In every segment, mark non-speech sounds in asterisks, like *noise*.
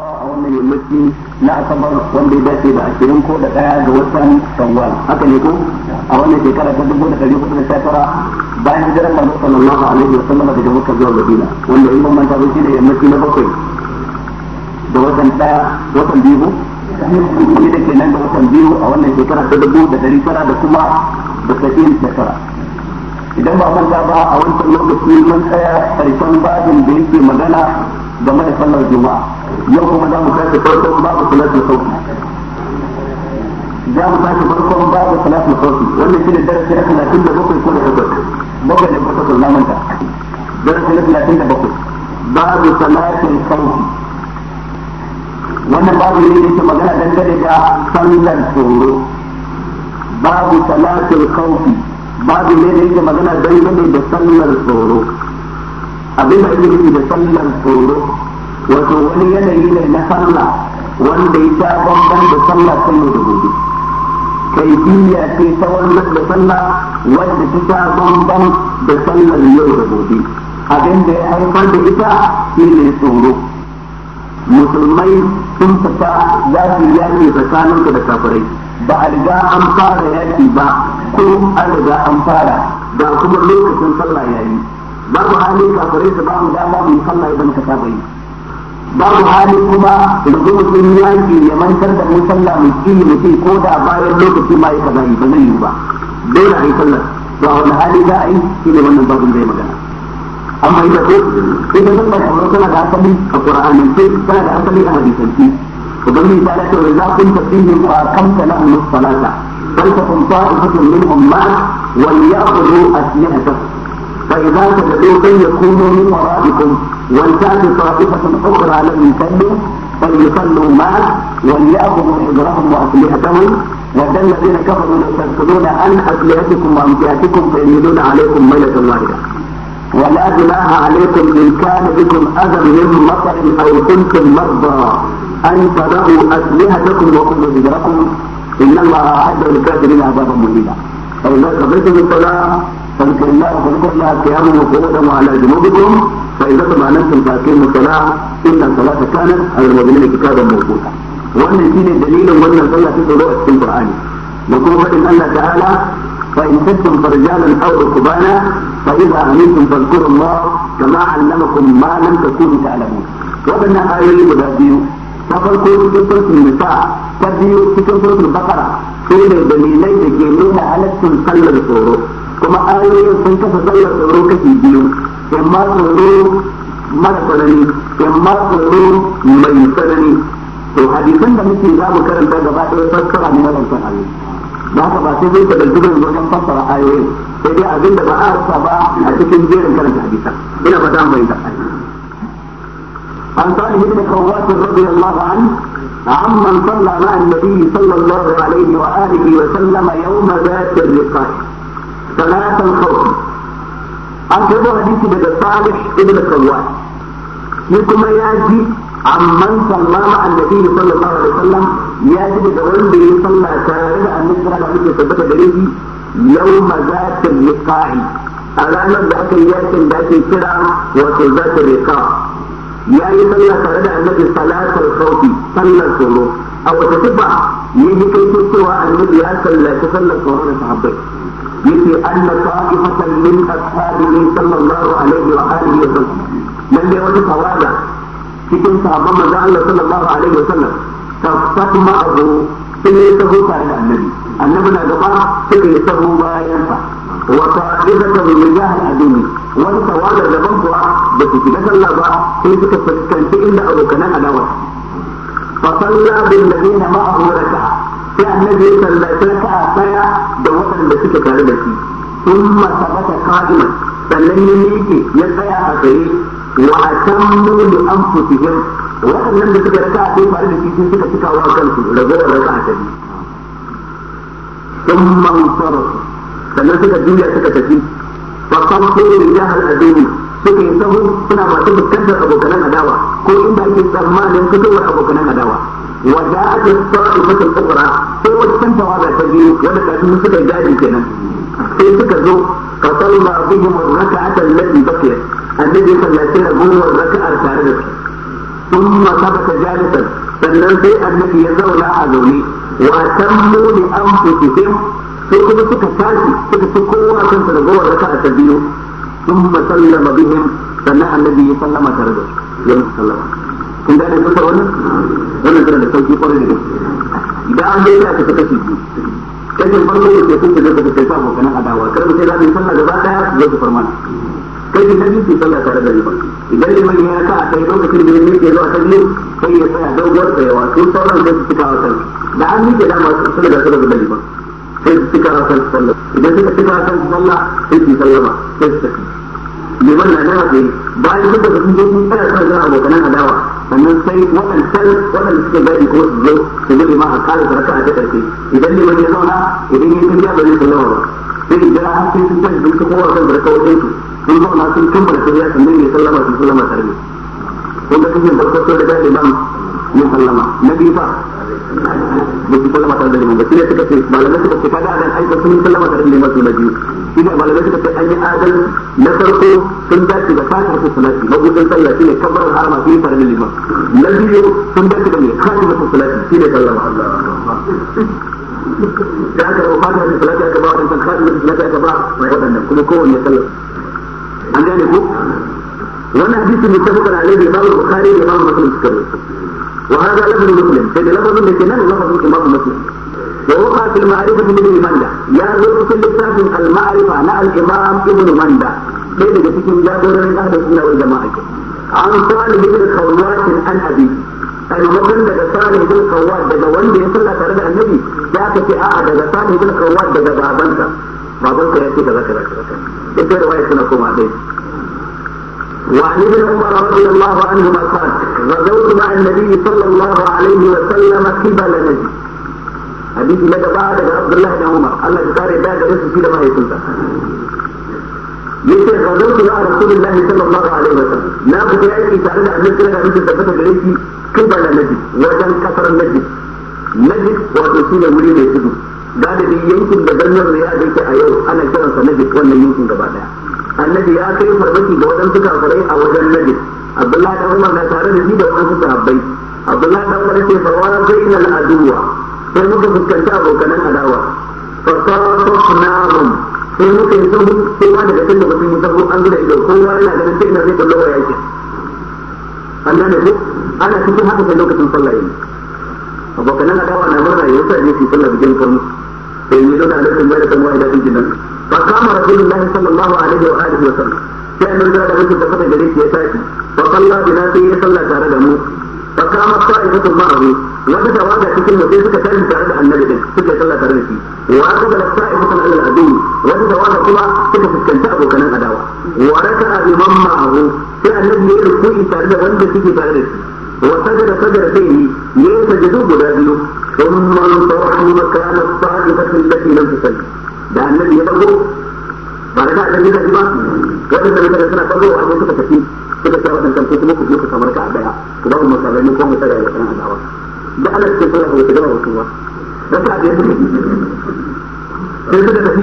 larabawa a wannan yammaci na asabar wanda ya dace da ashirin ko da daya ga watan shawwal haka ne ko a wannan shekara ta dubu da ɗari hudu da sha tara bayan hijirar manzo sallallahu alaihi wa sallam daga makka zuwa madina wanda in ban ba shi da yammaci na bakwai da watan daya watan biyu ne da ke nan da watan biyu a wannan shekara ta dubu da dari tara da kuma da sa'in da tara idan ba manta ba a wancan lokaci mun tsaya karshen babin da yake magana game da sallar juma'a yau kuma za mu sake farkon babu salatu sauki za mu sake farkon babu sauki wanda shi ne darasi na bakwai ko da takwas bakwai ne ko takwas na manta darasi na da bakwai babu salatul sauki wannan babu ne yake magana dangane da sallar tsoro babu salatul sauki babu ne da yake magana dangane da sallar tsoro abin da ake da sallar tsoro wato wani yanayi ne na sallah wanda ya sha da sallah ta yau da gobe kaifiyya ce ta wannan da sallah wanda ta sha da sallar yau da gobe abin da ya haifar da ita shi ne tsoro musulmai sun fita za su yaƙi tsakaninsu da kafirai ba a riga an fara yaƙi ba ko an riga an fara ga kuma lokacin sallah yayi babu hali kafirai su ba mu dama mu idan ka saba yi babu hali kuma da mutum ya yaki ya mantar da mun sallah mu ki mu ce ko da bayan lokaci ma ya kaza ba zai yi ba dole a yi sallah to a wani hali za a yi shi ne wannan babin zai magana amma idan ko idan ba bai kamar kana da asali a qur'anin ce da asali a hadisanci ubangiji ta ce wa za kun tafsirin fa kamta lahum salata bal takum ta'ifatun minhum فإذا تدعوك يكونوا من ورائكم ولتأتي طائفة أخرى لم يصلوا فليصلوا معك وليأخذوا حجرهم وأسلحتهم وكان الذين كفروا يستنقذون عن أسلحتكم وأمتعتكم فيميلون عليكم ميلة واحدة ولا جناح عليكم إن كان بكم أذى من مطر أو كنتم مرضى أن تضعوا أسلحتكم وكل حجركم إن الله أعد للكافرين عذابا مهينا فإذا قضيتم الصلاة فذكر الله وقد قلنا قياما وقعودا وعلى جنوبكم فاذا كنتم انتم فاكين الصلاه ان الصلاه كانت على المؤمنين كتابا موجودا. وان فيه دليل وان الصلاه في الروح في القران. وكما ان الله تعالى فان كنتم فرجالا او ركبانا فاذا امنتم فاذكروا الله كما علمكم ما لم تكونوا تعلمون. وبنى ايه لبدا ديو تفرقوا بسلطه النساء تبيو بسلطه البقره. كل دليلين يجيبون على الصلاه بسلطه kuma ayoyin sun kasa sallar tsoro kashi biyu imma tsoro mara tsanani imma tsoro mai tsanani to hadisan da muke za mu karanta gaba ɗaya fassara ne na rancen ayoyi da haka ba sai zai ka dalci zan wajen fassara ayoyin sai dai abin da ba a rasa ba a cikin jerin karanta hadisan ina ba ta mai da عن صالح بن خوات رضي الله عنه عمن صلى مع النبي صلى الله عليه وآله وسلم يوم ذات الرقاق salatan sauti an karɓo hadisi daga salih ibn kawwa shi kuma ya ji amman sallama annabi sallallahu alaihi wasallam ya ji daga wanda ya salla tare da annabi sallallahu alaihi wasallam da gare shi yawma zatul liqa'i a ranar da aka yi yakin da ake kira wato zatul liqa' ya yi sallah tare da annabi salatar sauti sallar tsoro a wata tuba yi kai cewa annabi ya sallaci sallar tsoro da sahabbai yake anna ta'ifatan min ashabihi sallallahu alaihi wa alihi wa sallam lalle wata tawaga cikin sahabban manzo Allah sallallahu alaihi wa sallam tafsat ma'ahu sun yi taho tare da annabi annabi na gaba suka yi taho bayan sa wa ta'ifatan min jahil adini wani tawaga daban kuwa da su shiga sallah ba sai suka fuskanci inda abokanan adawa fa sallah bil ladina ma'ahu raka'a sai annabi ya sallaci raka'a tsaya da waɗanda suke tare da shi thumma sabata qa'ima sannan ya miƙe ya tsaya a tsaye wa atammu li anfusihim waɗannan da suka raka'a tare da shi sun suka cika wa kansu ragowar a ta sun thumma ansarafu sannan suka juya suka tafi fa qamtu rijal adini suka yi sahu suna masu fuskantar abokanan adawa ko inda ake tsammanin fitowar abokanan adawa وجاءت الطائفة الأخرى sai wancan tawaba ta biyu wanda kashi suka gadi kenan sai suka zo fa salla bihim rak'atan lati baqiya annabi sallace da gowar rak'ar tare da su thumma sabata jalisan sannan sai annabi ya zauna a zaune wa tammu li anfusihim sai kuma suka tashi suka ci kowa kansa da gowar raka'a a biyu thumma sallama sannan ya tare da su kun gane kusa wannan wannan tana da sauki kwarai da idan an dai ta ta kashi kashin farko da ke da kuka abokanan adawa kar sallah gaba kashin na biyu ke sallah tare da riba idan liman ya sa a kai lokacin da ya miƙe zuwa ta biyu sai ya tsaya doguwar tsayawa su sauran sai su cika wa da an miƙe dama su da su da riba sai su cika wa sallah idan suka cika wa sallah sai su sallama sai su tafi liman na nawa bayan sun je sun tsaya abokanan adawa sannan sai waɗancan waɗanda suke bayan kuma su zo su zo ma a kare su raka a ta ƙarfi idan liman ya zauna idan ya tafiya ba zai sallama ba sai idan har sai sun tashi sun kafa wasan da raka wajen su sun zauna sun tumbar su ya sannan ya sallama su sallama tare ne kun ga kashin farko da gane imam ya sallama na biyu fa da su sallama tare da liman ba shi ne suka ce malamai suka ce kaga a nan aika sun sallama tare da liman su na biyu shi ne malamai suka ce an yi adalci na farko sun dace da fata ta salati mabudin sallah shi ne kabarin harama shi ne tare da liman na biyu sun dace da mai kati masa salati shi ne sallama da aka rabu fata ta salati aka ba wadannan kati masa salati aka ba wadannan kuma kowanne sallah an gane ku wannan hadisi mutafakar alaihi imam bukhari da imam muslim suka rawaito wa hada lafzul muslim sai da lafzul da ke nan lafzul imam muslim ووقع في المعرفة من ابن مندة يا زور في لسان المعرفة نا الإمام ابن مندة بين لك تكون جابر من أهل السنة والجماعة عن صالح بن الخوات عن أبي المقام daga صالح بن الخوات بدا وندي يصلى salla النبي da annabi ya ka صالح بن خوات daga babansa babansa ya كذا كذا كذا كذا ita riwaya tana koma وعن ابن عمر رضي الله عنهما قال غزوت مع النبي صلى الله عليه وسلم قبل نجد hadisi na gaba daga Abdullahi da Umar Allah ya kare da da su shi da mahaifinsa yace ghadawtu ma rasulullahi sallallahu alaihi wasallam na fita yaki tare da annabi sallallahu alaihi wasallam da gare shi kibala nabi wajen kasar nabi nabi wato ne wuri mai tudu galibi yankin da zannar ya yake a yau ana kiransa nabi wannan yankin gaba daya annabi ya kai farmaki ga wajen suka farai a wajen nabi abdullahi dan umar na tare da shi da waɗansu sahabbai abdullahi dan umar ce fa wa bainal aduwa sai muka fuskanci abokanan adawa fa sarrafnahum sai muka yi sun sahu ma daga cikin da ba su yi an zuda ido ko wani yana ganin ta zai kallo wa yakin an gane ko ana cikin haka sai lokacin sallah yayi abokanan adawa na murna yayin sa ne su sallah bikin kan sai yi dole alaikum wa rahmatullahi wa barakatuh nan fa kama rasulullahi sallallahu alaihi wa alihi wa sallam sai annabi da mutum da kada gare shi ya tashi fa sallah bina sai ya sallah tare da mu fa kama sa'idatu ma'ahu wata tawaga cikin da sai suka tashi tare da annabi din suka sallah tare da shi wa qala sa'idatu ala al wata kuma suka fuskanci abokan adawa wa raka'a imam ma'ahu sai annabi ya ruku'i tare da wanda suke tare da shi وسجد سجدتين يسجد بدابيو ثم انطرح da ka التي da تسجد ده النبي يبقى بعد كده النبي يبقى وإذا لم تسجد suka sa waɗancan ko kuma ku je ku samu raka'a daya ku ba ku masarai ne ko mu tsaya da kan adawa da Allah ke fara ku da wato ba raka'a da ne sai suka tafi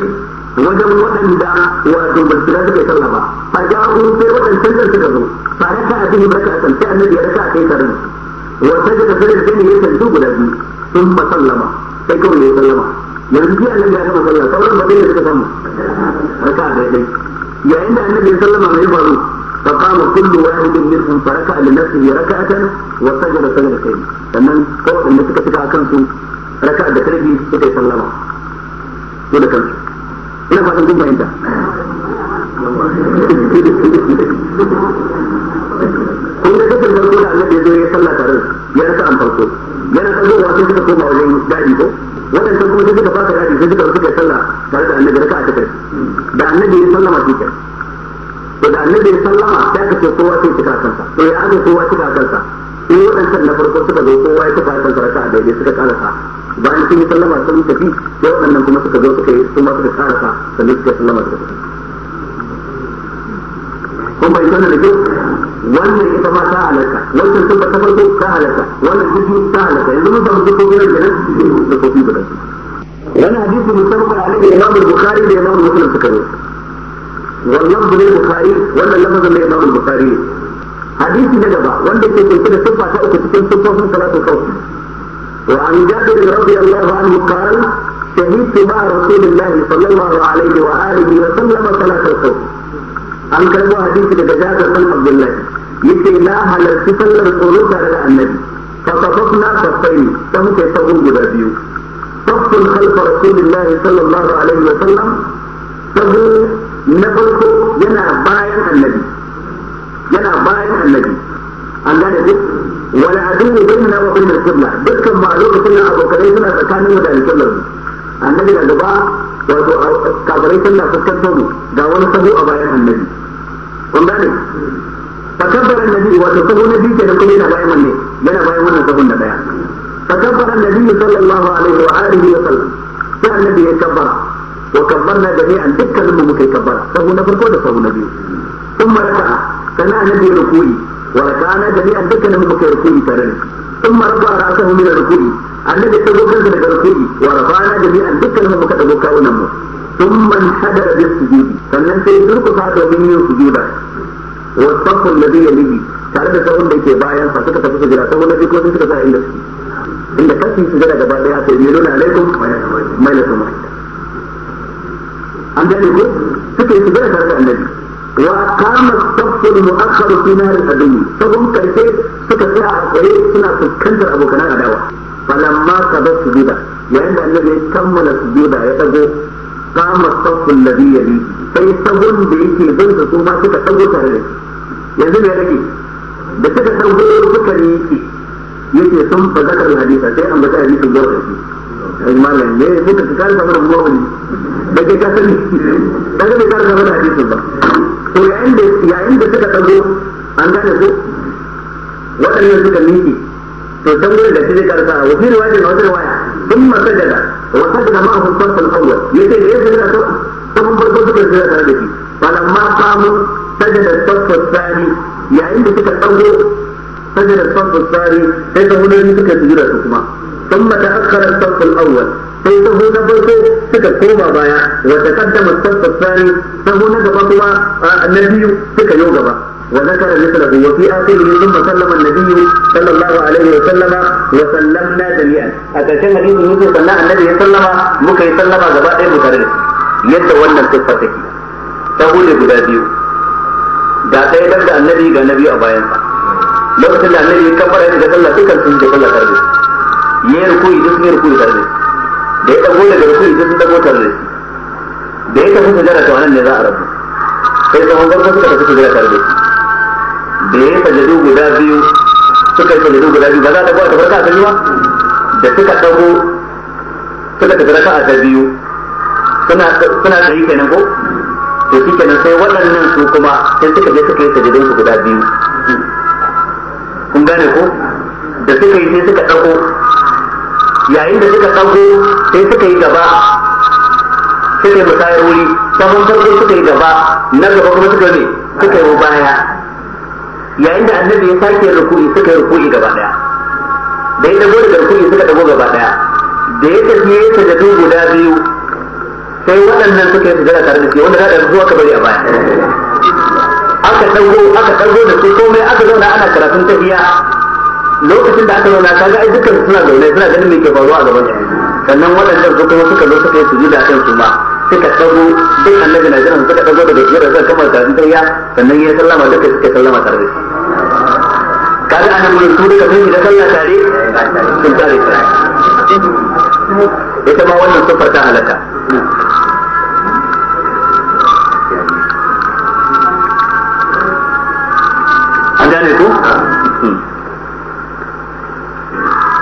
wajen waɗanda wato ba su suke sallah ba fa ku sai waɗancan da suka zo fa raka'a da san sai annabi ya raka'a kai karin wa sajada sajada sai ne ya su guda biyu sun ba sallama sai kawai ya sallama yanzu ji annabi ya gama sallah sauran ba dai suka samu raka'a da yake yayin da annabi ya sallama mai faru فقام كل واحد منهم فركع لنفسه ركعة وسجد سجدتين فمن فوق ان تكتك أكنسو ركع بكربي سكي سلم كل كنسو إلا ما كنت فإنت kun ga dukkan farko da annabi ya zo ya sallah tare ya rasa an farko yana kan zuwa sai suka koma wajen gadi ko wadannan kuma sai suka fasa gadi sai suka suka sallah tare da annabi raka'a a kai da annabi ya sallama masu kai to da annabi ya sallama sai ka ce kowa sai tuka kansa to ya aka kowa tuka kansa in waɗancan na farko suka zo kowa ya tuka kansa raka a daidai suka karasa bayan sun yi sallama sun tafi sai waɗannan kuma suka zo suka yi sun ma suka karasa sannan suka sallama suka tafi kun bai sanar da kyau wannan ita ma ta halarta wannan sun ta farko ta halarta wannan duk ta halarta yanzu mun samu duk wani da nan da kofi da wani hadisi musamman alaihi imam bukari da imam muslim suka rawaito واللفظ للبخاري ولا اللفظ للإمام البخاري حديث نجبة وانت كنت كده سبعة تأكل تكون سبعة ثلاثة صوت وعن جابر رضي الله عنه قال شهدت مع رسول الله صلى الله عليه وآله وسلم ثلاثة صوت an karbo hadisi daga Jabir bin Abdullah yace na halarci sallar tsoro tare da Annabi fa tafafna safaini sai muke sahu guda biyu safun khalfa Rasulillahi sallallahu alaihi wa sallam sahu na farko yana bayan annabi yana bayan annabi an gane duk wala adini na wa bainal qibla dukkan ma lokacin da abokanai suna tsakanin mu da alqibla annabi da gaba wato kabarai sun na fuskantar mu ga wani sabo a bayan annabi kun gane fakabbar annabi wato sahu na biyu kenan kuma yana bayan wanne yana bayan wannan sabon da daya fakabbar annabi sallallahu alaihi wa alihi wa sallam sai annabi ya kabbara wa kabbarna jami'an dukkanin mu muka yi kabbara sahu na farko da sahu na biyu sun maraka'a sannan annabi rukuni wa raka'ana jami'an dukkanin mu muka yi rukuni tare da sun maraka'a ra'asahu min rukuni annabi ta zo kansa daga rukuni wa rafa'ana jami'an dukkanin mu muka dago kawunan mu ثم انحدر بالسجود sannan sai durkusa domin yin sujuda wa safu alladhi yalihi tare da sahun da yake bayan sa suka tafi sujuda sahun nabi ko sun suka sa inda inda kashi sujada gaba daya sai ne nuna alaikum mai lakum an daɗe ko suka yi sujada tare da annabi wa kama saffin mu'akhkharu fi nar al-adami sabon karfe suka tsaya a tsaye suna fuskantar abokan adawa falamma qada sujuda yayin da annabi ya kammala sujuda ya dago kama saffin ladhi yali sai sabon da yake bin su kuma suka dago tare da shi. yanzu me rage da suka dago suka yi yake sun fa zakar hadisa sai an bata hadisin gaba da shi malam ne muka ka kare kamar ruwa wani da ke ka sani da ka kare kamar hadisin ba to yayin da yayin da suka an gane ko waɗannan suka miƙe to dan gurin da shi karsa wa fi riwayatin wa riwaya ثم سجد وسجد معه الصف الاول يسجد يسجد ثم برضه سجد سجد هذا فلما da سجد tsari الثاني يعني suka dago سجد الصف الثاني sai ta hudu suka sujuda su kuma ثم تأخر الصف الأول sai sahu na farko suka koma baya wata kanta mustafa tsari sahu na gaba kuma na biyu suka yi gaba wa zakara mislahu wa fi akhirihi thumma sallama an-nabiyyu sallallahu alaihi wa sallama wa sallamna jami'an a ƙarshen hadisi yake sannan annabi ya sallama muka yi sallama gaba ɗaya mu tare yadda wannan siffa take sahu ne guda biyu ga ɗaya dan da annabi ga nabi a bayansa lokacin da annabi ya kabbara ya da sallah dukkan sun da sallah tare ya yi rukuni duk mai rukuni tare da ya dago daga rukuni duk sun dago tare da ya tafi sujada to anan ne za a rabu sai sahun farko suka tafi sujada tare da da ya sajadu guda biyu suka yi sajadu guda biyu ba za a dago a tafi raka'a ta biyu ba da suka dago suka tafi a ta biyu suna suna tsayi kenan ko to shi kenan sai waɗannan su kuma sai suka je suka yi sajadun su guda biyu kun gane ko da suka yi sai suka ɗauko. yayin da suka ɗauko sai suka yi gaba suka yi musayar wuri sabon farko suka yi gaba na gaba kuma suka yi suka yi baya yayin da annabi ya sake rukuni suka yi rukuni gaba daya da ya dago daga rukuni suka dago gaba daya da ya tafi ya dubu guda biyu sai waɗannan suka yi sujada tare da shi wanda za da zuwa ka bari a baya aka dago aka dago da su komai aka zauna ana karatun tafiya lokacin da aka zauna kaga ai dukkan suna zaune suna ganin mai ke faruwa a gaban su sannan waɗannan su kuma suka zo suka yi sujuda kan su ma suka dago duk annabi na jiran suka dago daga shirin suka kama tarin ya. sannan ya sallama duka suka sallama tare da kaga anan yi su duka sun da sallah tare sun tare tare ita ma wannan sufar ta halaka an gane ku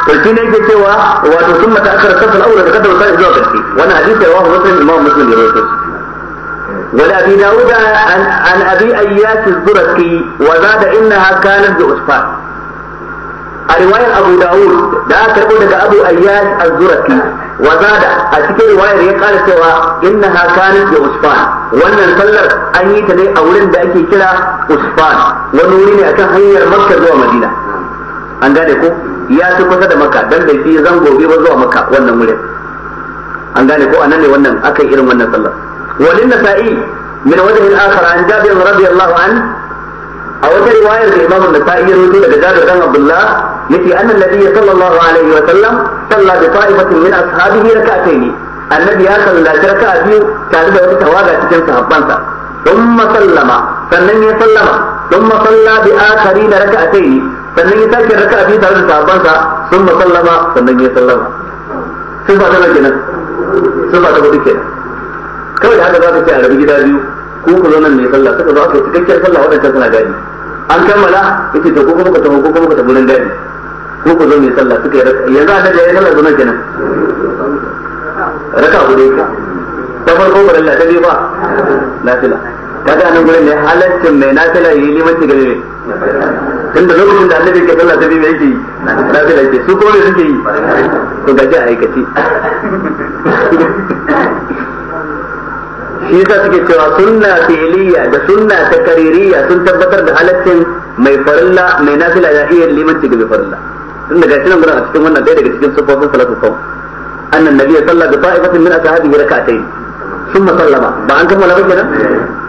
to shi ne yake cewa wato sun mata akar safal aula da kadar sai zuwa kashi wani hadisi rawahu muslim imam muslim ya rawaito Wani abi daud an an abi ayyas az-zurqi wa zada innaha kanat bi usfan a riwayar abu daud da aka karbo daga abu ayyas az-zurqi wa zada a cikin riwayar ya kara cewa innaha kanat da usfan wannan sallar an yi ta ne a wurin da ake kira usfan wani wuri ne akan hanyar makka zuwa madina an gane ko ya fi kusa da maka dan bai fi zan gobe ba zuwa maka wannan wurin an gane ko anan ne wannan akan irin wannan sallar walin nasa'i min wajhin akhar an jabir radiyallahu an a wata riwayar da imamu nasa'i ya rawaito daga jabir dan abdullah yace anna nabiyyi sallallahu alaihi wa sallam salla bi ta'ifatin min ashabihi rak'atayn annabi ya sallaci raka'a biyu tare da wata tawaga cikin sahabbansa thumma sallama sannan ya sallama thumma salla bi akharin rak'atayn sannan ya sake raka biyu tare da sahabbansa sun masallama sannan ya sallama sun ba ta kenan sun ba ta hudu kenan kawai da haka za ka ce a rabi gida biyu ko ku zo nan ne sallah suka zo aka yi cikakkiyar sallah waɗancan suna gadi an kammala yace to ko kuma ka tafi ko kuma ka tafi nan gadi ko ku zo ne sallah suka yi yanzu a daga ya yi sallah zuwa kenan raka hudu ta farko ba lalla ta biyu ba nafila kaga nan gurin ne halaccin mai nafila yi ne mace gare ne tunda lokacin da annabi ke sallah ta biyu yake yi nafila yake su ko ne suke yi to gaji a aikace shi yasa suke cewa sunna fi'liya da sunna takaririya sun tabbatar da halaccin mai farilla mai nafila ya iya liman ci gaba farilla tun daga shi nan gurin a cikin wannan ɗaya daga cikin sufofin salatu kawai annan nabiyya sallah da ta'ifatin min ashabihi rak'atayn summa sallama ba an kammala ba kenan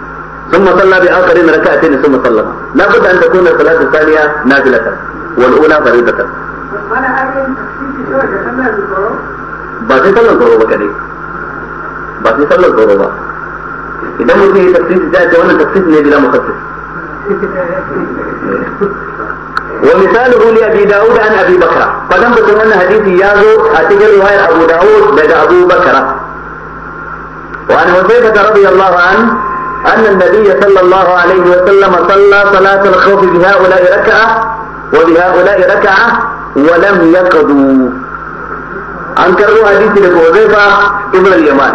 ثم صلى بآخرين ركعتين ثم صلى لا بد أن تكون الصلاة الثانية نافلة والأولى فريضة ba sai sallar الزوجة ba kadai ba sai sallar goro ba idan mutum إذا tafsiri sai a ce wannan tafsiri ne bila ومثاله لأبي داود عن أبي بكر فلم تكن أن حديث يازو أتجر رواية أبو داود لدى أبو بكر وعن حذيفة رضي الله عنه أن النبي صلى الله عليه وسلم صلى صلاة الخوف بهؤلاء ركعة وبهؤلاء ركعة ولم يقضوا an karɓo hadisi daga Uzaifa ibn al-Yaman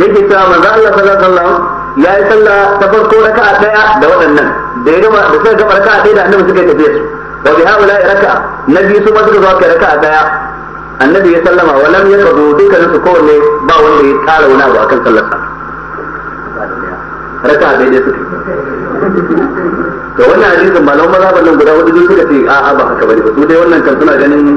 yake cewa manzo Allah sallallahu alaihi ya yi sallah ta farko raka'a daya da waɗannan da ya gama da suka gama daya da annabi suka tafi su wa bi haula raka'a nabi su ma suka zo kai raka'a daya annabi ya sallama wa lam kowanne ba wanda ya kara wani akan sallarsa raka a daidai suka to wannan hadisin ba lawan mazhaban nan guda hudu suka ce a a ba haka bane ba su dai wannan kan suna ganin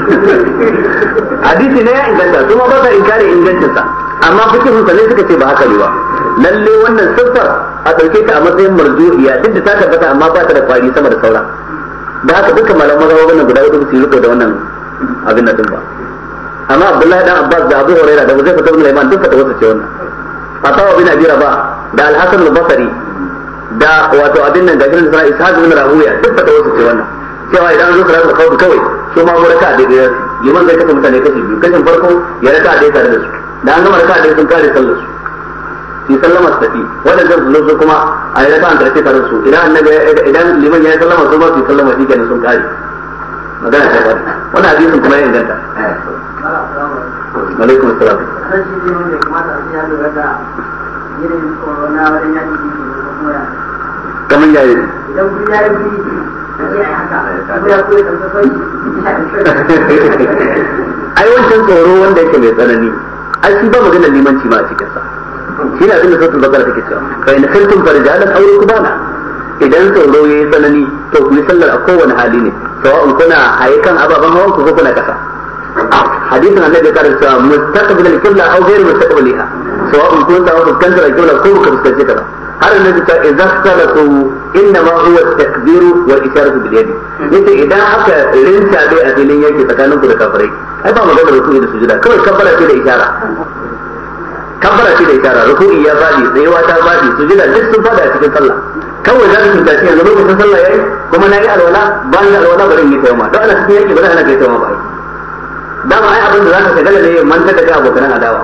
*laughs* hadisi ne ya inganta su ma ba sa inkari ingancinsa amma fikihun sa ne suka ce ba haka ne ba lalle wannan siffar a ɗauke ta a matsayin marzuhiya duk da ta tabbata amma ba ta da kwari sama da saura da haka dukkan malaman mazhaban nan guda hudu su yi riko da wannan abin nan din ba amma Abdullahi dan Abbas da Abu Hurairah da Huzaifa ibn Iman duka da wasu ce wannan atawa bin abi rabah da al-hasan al-basri da wato abin nan da gidan sura ishaq bin rahuya duk da wasu ce wannan cewa idan zo sura al-khawf kawai su ma mu raka da gidan liman zai kafa mutane kashi biyu kashin farko ya raka da tare da su da an gama raka da sun kare sallar su su sallama su tafi waɗannan su zo kuma a yi raka an karshe tare da su idan annabi idan liman ya yi sallama su ma su sallama shi kenan sun kare magana ta bari wannan hadisin kuma ya inganta alaikum assalam rashin ne wanda ya kamata ya lura tsoro ya kamar idan kun ai wancan tsoro wanda yake mai tsanani ai shi ba magana limanci ma a sa shi na abinda sautin bakar take cewa kai na kantin aure ku bana idan tsoro ya yi tsanani to ku yi sallar a kowane hali ne sawa'un kuna haye kan ababen hawan ku ko kuna kasa حديثنا الذي ذكر مستقبل الكبلة أو غير مستقبلها سواء كنت أو كنت الكبلة صورك مستجدة هذا الذي قال إذا اختلطوا إنما هو التكبير والإشارة باليد مثل إذا حكى لنسى بأدلية يتكلم في الكفري أيضا ما قبل ركوعي للسجدة كما كبر في الإشارة كبر في الإشارة ركوعي يا بادي سيوة يا بادي سجدة لسه فادة في الصلاة كما إذا كنت تأتي أن نبقى في الصلاة كما نعي الولاء بان الولاء بلنجي تيوما لا أنا سبيعي بلا أنا كي تيوما بلنجي dama ai abin da za ka shagala ne man ta daga abokan adawa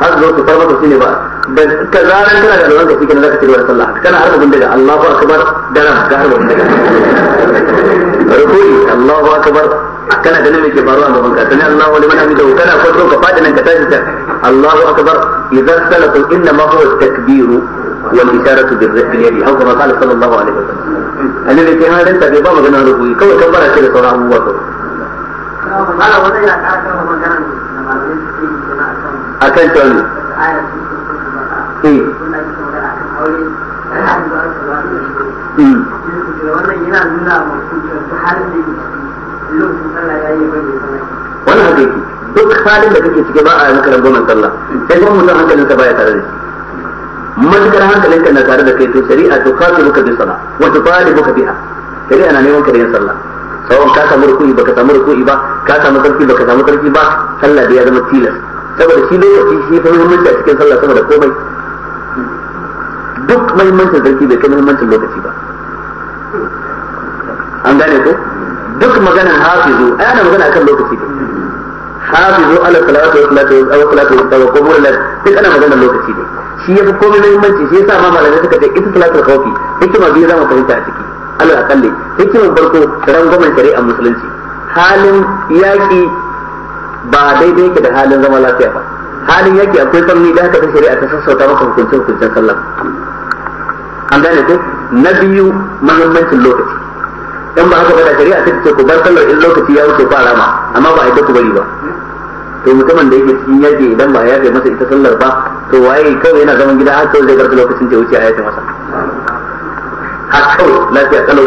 har zo su farmata su ne ba da ka zaran kana da alwanka shi kenan za ka ci da sallah kana harba bindiga Allahu akbar daram ka harba bindiga rukuni Allahu akbar kana ganin me ke faruwa gaban ka sani Allahu liman hamidahu kana kwanto ka fadi nan ka tashi ta Allahu akbar idza salatu inna ma huwa takbiru wal isharatu bil yadi hawwa ma qala sallallahu alaihi wasallam annabi ke halin ta bai ba magana rukuni kawai kan bara shi da sauran abubuwa a kan tonu eh. wani haka yake duk halin da kake cike ba a maka rangwamen sallah sai kuma mutum hankalinka baya tare da shi matukar hankalinka na tare da kai to shari'a to kasu muka bi sallah wa tufali muka a shari'a na neman ka da yin sallah kawai ka samu rukuni baka samu rukuni ba ka samu karfi baka samu karfi ba sallah da ya zama tilas saboda shi lokaci shi fa muhimmanci a cikin sallah sama da komai duk muhimmancin sarki bai kai muhimmancin lokaci ba an gane ko duk maganan hafizu ai ana magana akan lokaci ne hafizu ala salatu wa salatu wa salatu wa qubur la duk ana magana lokaci ne shi yafi komai muhimmanci shi yasa ma malamai suka ce ita salatul khawfi hikima biyu zamu fahimta a ciki alal akalli hikimar farko rangwamen shari'ar musulunci halin yaƙi ba daidai yake da halin zama lafiya ba halin yaƙi akwai sanni da haka ta shari'a ta sassauta maka hukuncin hukuncin sallah an gane ko na biyu mahimmancin lokaci in ba haka bada da shari'a ta ce ku bar sallar in lokaci ya wuce ba rama amma ba a yadda ku bari ba to mutumin da yake cikin yaƙi idan ba ya yaƙe masa ita sallar ba to waye kawai yana zaman gida a kawai zai bar lokacin da wuce a yaƙe masa har kawai lafiya kalau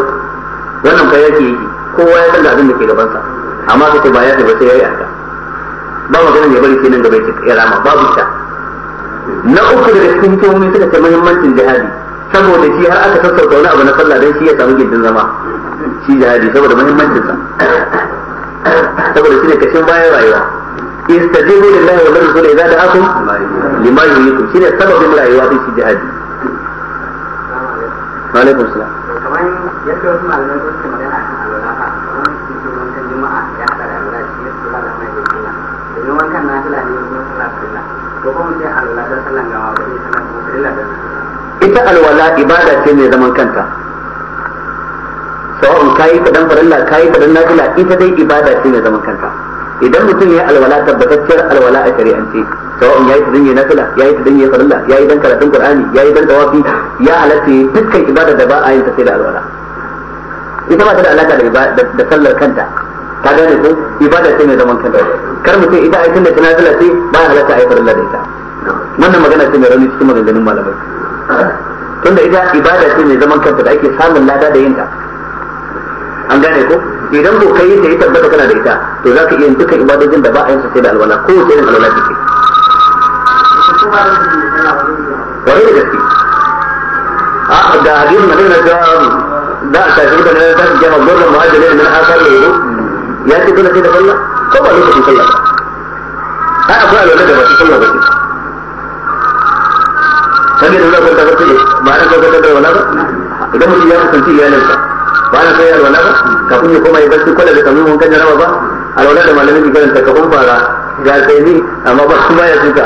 wannan fa yake yi kowa ya san abin da ke gabansa amma kace ba ya ce ba sai yayi haka ba maganar ya bari sai nan gaba ya rama babu ta na uku da cikin hikimomi suka ce muhimmancin jihadi saboda shi har aka sassauta wani abu na sallah dan shi ya samu gindin zama shi jihadi saboda muhimmancinsa saboda shi ne kashin bayan rayuwa istajibu lillahi wa lirrasuli idza da'akum lima shi ne sababin rayuwa din shi jihadi alaikum salam kamar yadda wasu malamai sun ce magana akan alwala fa kuma sun ce wankan juma'a ya hada da alwala shi yake ba da mai da sunna domin wankan na fila ne kuma sallah sunna ko kuma sai alwala da sallan gawa da ne sallan kuma sallah da ita alwala ibada ce mai zaman kanta sawa'un kayi kadan farilla kayi kadan nafila ita dai ibada ce mai zaman kanta idan mutum ya alwala tabbatacciyar alwala a shari'ance sawa'un yayi dan fila ya yi dan yayi farilla yayi dan karatun ya yi dan tawafi ya halatta dukkan ibada da ba a yin ta sai da alwala ita ba ta da alaka da sallar kanta ta gane ko ibada ce mai zaman kanta kar mu ce ita ai tunda tana fila sai ba ya halatta ai farilla da ita wannan magana ce mai rauni cikin maganganun malamai tunda ita ibada ce mai zaman kanta da ake samun lada da yin ta an gane ko idan ko kai ta yi tabbata kana da ita to za ka iya yin dukkan ibadojin da ba a yin su sai da alwala ko sai da alwala take kwarai da gaske a ga hadisin da nuna cewa da a tafi da nan da jama gurbin muhajirin nan asar ne ko ya ce dole sai da sallah ko ba lokacin sallah ba a akwai da ba su sallah ba ce sabbi da lokacin da kake ba na kai da wala ba idan mutum ya kusanci iyalinsa ba na kai alwala ba kafin ya koma ya bar duk kwalla da kamin wankan jaraba ba alwala da malamin karanta kafin fara ga sai ni amma ba su ba ya tuka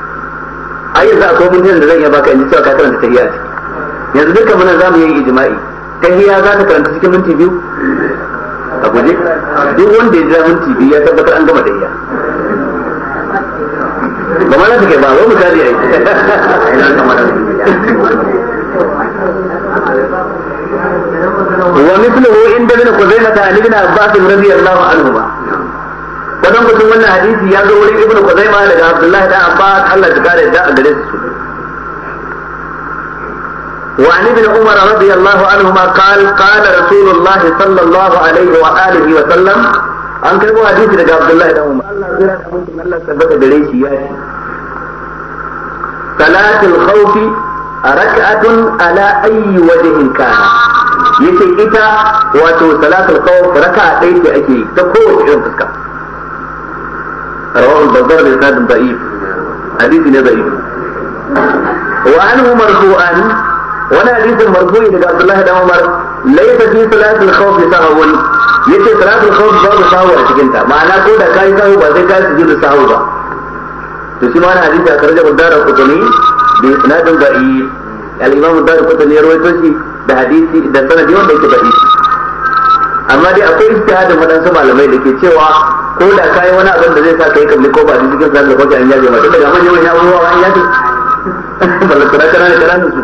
ai yanzu akwai mintuna da zan iya baka yanzu cewa ka karanta tahiyya ce yanzu dukkan muna mu yi ijma'i tahiyya za ta karanta cikin minti biyu a guje duk wanda ya jira minti biyu ya tabbatar an gama tahiyya ba ma za ta ba wani misali ai wa mithluhu inda خزيمة عن ابن abbas radiyallahu anhu عنهما kadan mutum wannan hadisi ya zo wurin ibnu kuzaima daga abdullahi da abbas Allah ya kare da a gare su وعن ابن عمر رضي الله عنهما قال قال رسول sallallahu alaihi الله عليه wa sallam an kai ko hadisi daga Abdullahi da Umar Allah zai rada mutum Allah tabbata gare shi ya ce salatul khawfi rak'atun ala ayyi wajhin kana yace ita wato salatul khawf raka'a ɗaya ce ake ta kowace irin fuska رواه البزار لإسناد ضعيف حديث إن ضعيف وعنه مرفوعا وانا حديث المرفوع اللي قال الله ده عمر ليس في صلاة الخوف لتهون ليس صلاة الخوف باب صاوة شكنتا معناه كو ده كاي صاوة بعدين كاي سجد صاوة تسمى انا حديث أخرج الدار القطني بإسناد ضعيف الإمام الدار القطني رويته شيء ده حديثي ده سنة ديوان بيت ضعيف amma dai akwai ijtihadin waɗansu malamai da ke cewa ko da ka yi wani abin da zai sa ka yi kalli ko ba da cikin sanar da kai an yaje mata daga manyan manyan abubuwa an yaje balantana kanana kanana su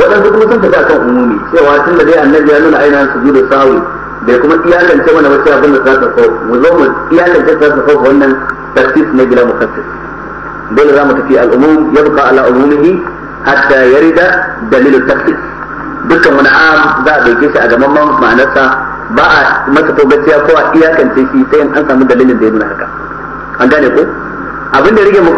waɗansu kuma sun tafi akan umumi cewa tun da dai annabi ya nuna ainihin su biyu da sawi bai kuma iyalance mana wasu abin da za ta so mu zo mu iyalance ta so wannan tafsir ne bila mukaddas dole za mu tafi al'umum yabqa ala umumihi hatta yarida dalilu tafsir dukkan wani abu za a dauke shi a gaban ma'anarsa ba a masa gaskiya ko a iyakance shi sai an samu dalilin da ya nuna haka an gane ko abin da rige mu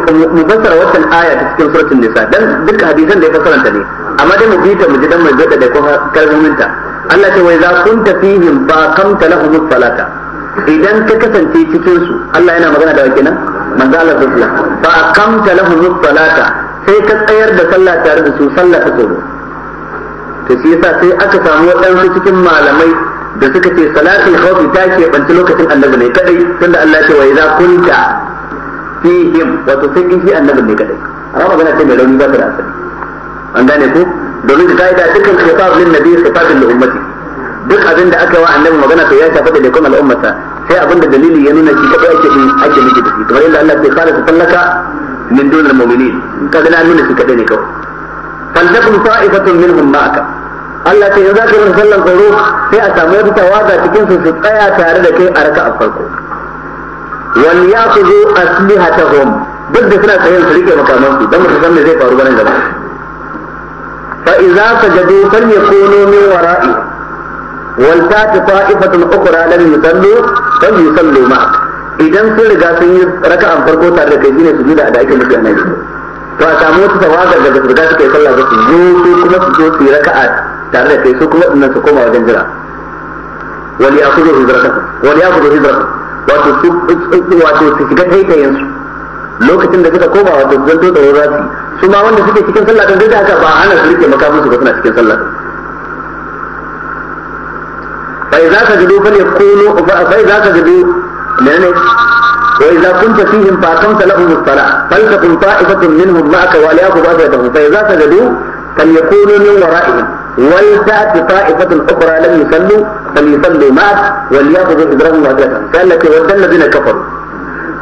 fassara wannan aya ta cikin suratul nisa dan duka hadisan da ya fassara ta ne amma dai mu bi ta mu ji dan mai gada da ko kalmomin ta Allah ce wai za kun fihim ba ta lahum salata idan ka kasance cikin su Allah yana magana da wakilin manzo Allah sallallahu alaihi wasallam ba kamta lahum salata sai ka tsayar da sallah tare da su sallah ta tsoro to shi yasa sai aka samu waɗansu cikin malamai da suka ce salatul khawfi ta ke banci lokacin annabi ne kadai tunda Allah ya ce wa idza kunta fihim wa sai fi annabi ne kadai amma magana ce mai rauni ba ta da asali an gane ko domin ka kaida dukkan khitab lin nabi khitabul li ummati duk abin da aka yi wa annabi magana to ya shafa da dukkan al'ummata sai abin da dalili ya nuna shi kadai ake ake miki da shi kamar yadda Allah ya fara ta tallaka min dunal mu'minin kaga na nuna shi kadai ne kawai fallakum ta'ifatun minhum ma'aka Allah ce yanzu za ka musu sallar tsaro sai a samu wata tawaga cikin su su tsaya tare da kai a raka'a farko wal hata hom duk da suna tsayin su rike makaman su musu mutum san me zai faru ganin gaba fa idza ya falyakunu min wara'i wal ta ta'ifatun ukhra lam yusallu falyusallu ma idan sun riga sun yi raka'an farko tare da kai su bi da ake nufi a to a samu wata tawagar daga su riga suka yi sallah ba su zo su kuma su zo su yi raka'a tare da kai su kuma dinnan su koma wajen jira wali akudu hijratakum wali akudu hijratakum wato su wato su shiga taitayen su lokacin da suka koma wato zanto da wurati su ma wanda suke cikin sallah din da haka ba ana su rike makamin su ba suna cikin sallah fa idza sajadu falyakunu fa idza sajadu menene وإذا كنت فيهم فأقمت لهم الصلاة فلتكن طائفة منهم معك وليأخذ أسلحتهم فإذا سجدوا فليكونوا من ورائهم ولتأتي طائفة أخرى لم يصلوا فليصلوا معك وليأخذوا حذرهم وأسلحتهم قال ود الذين كفروا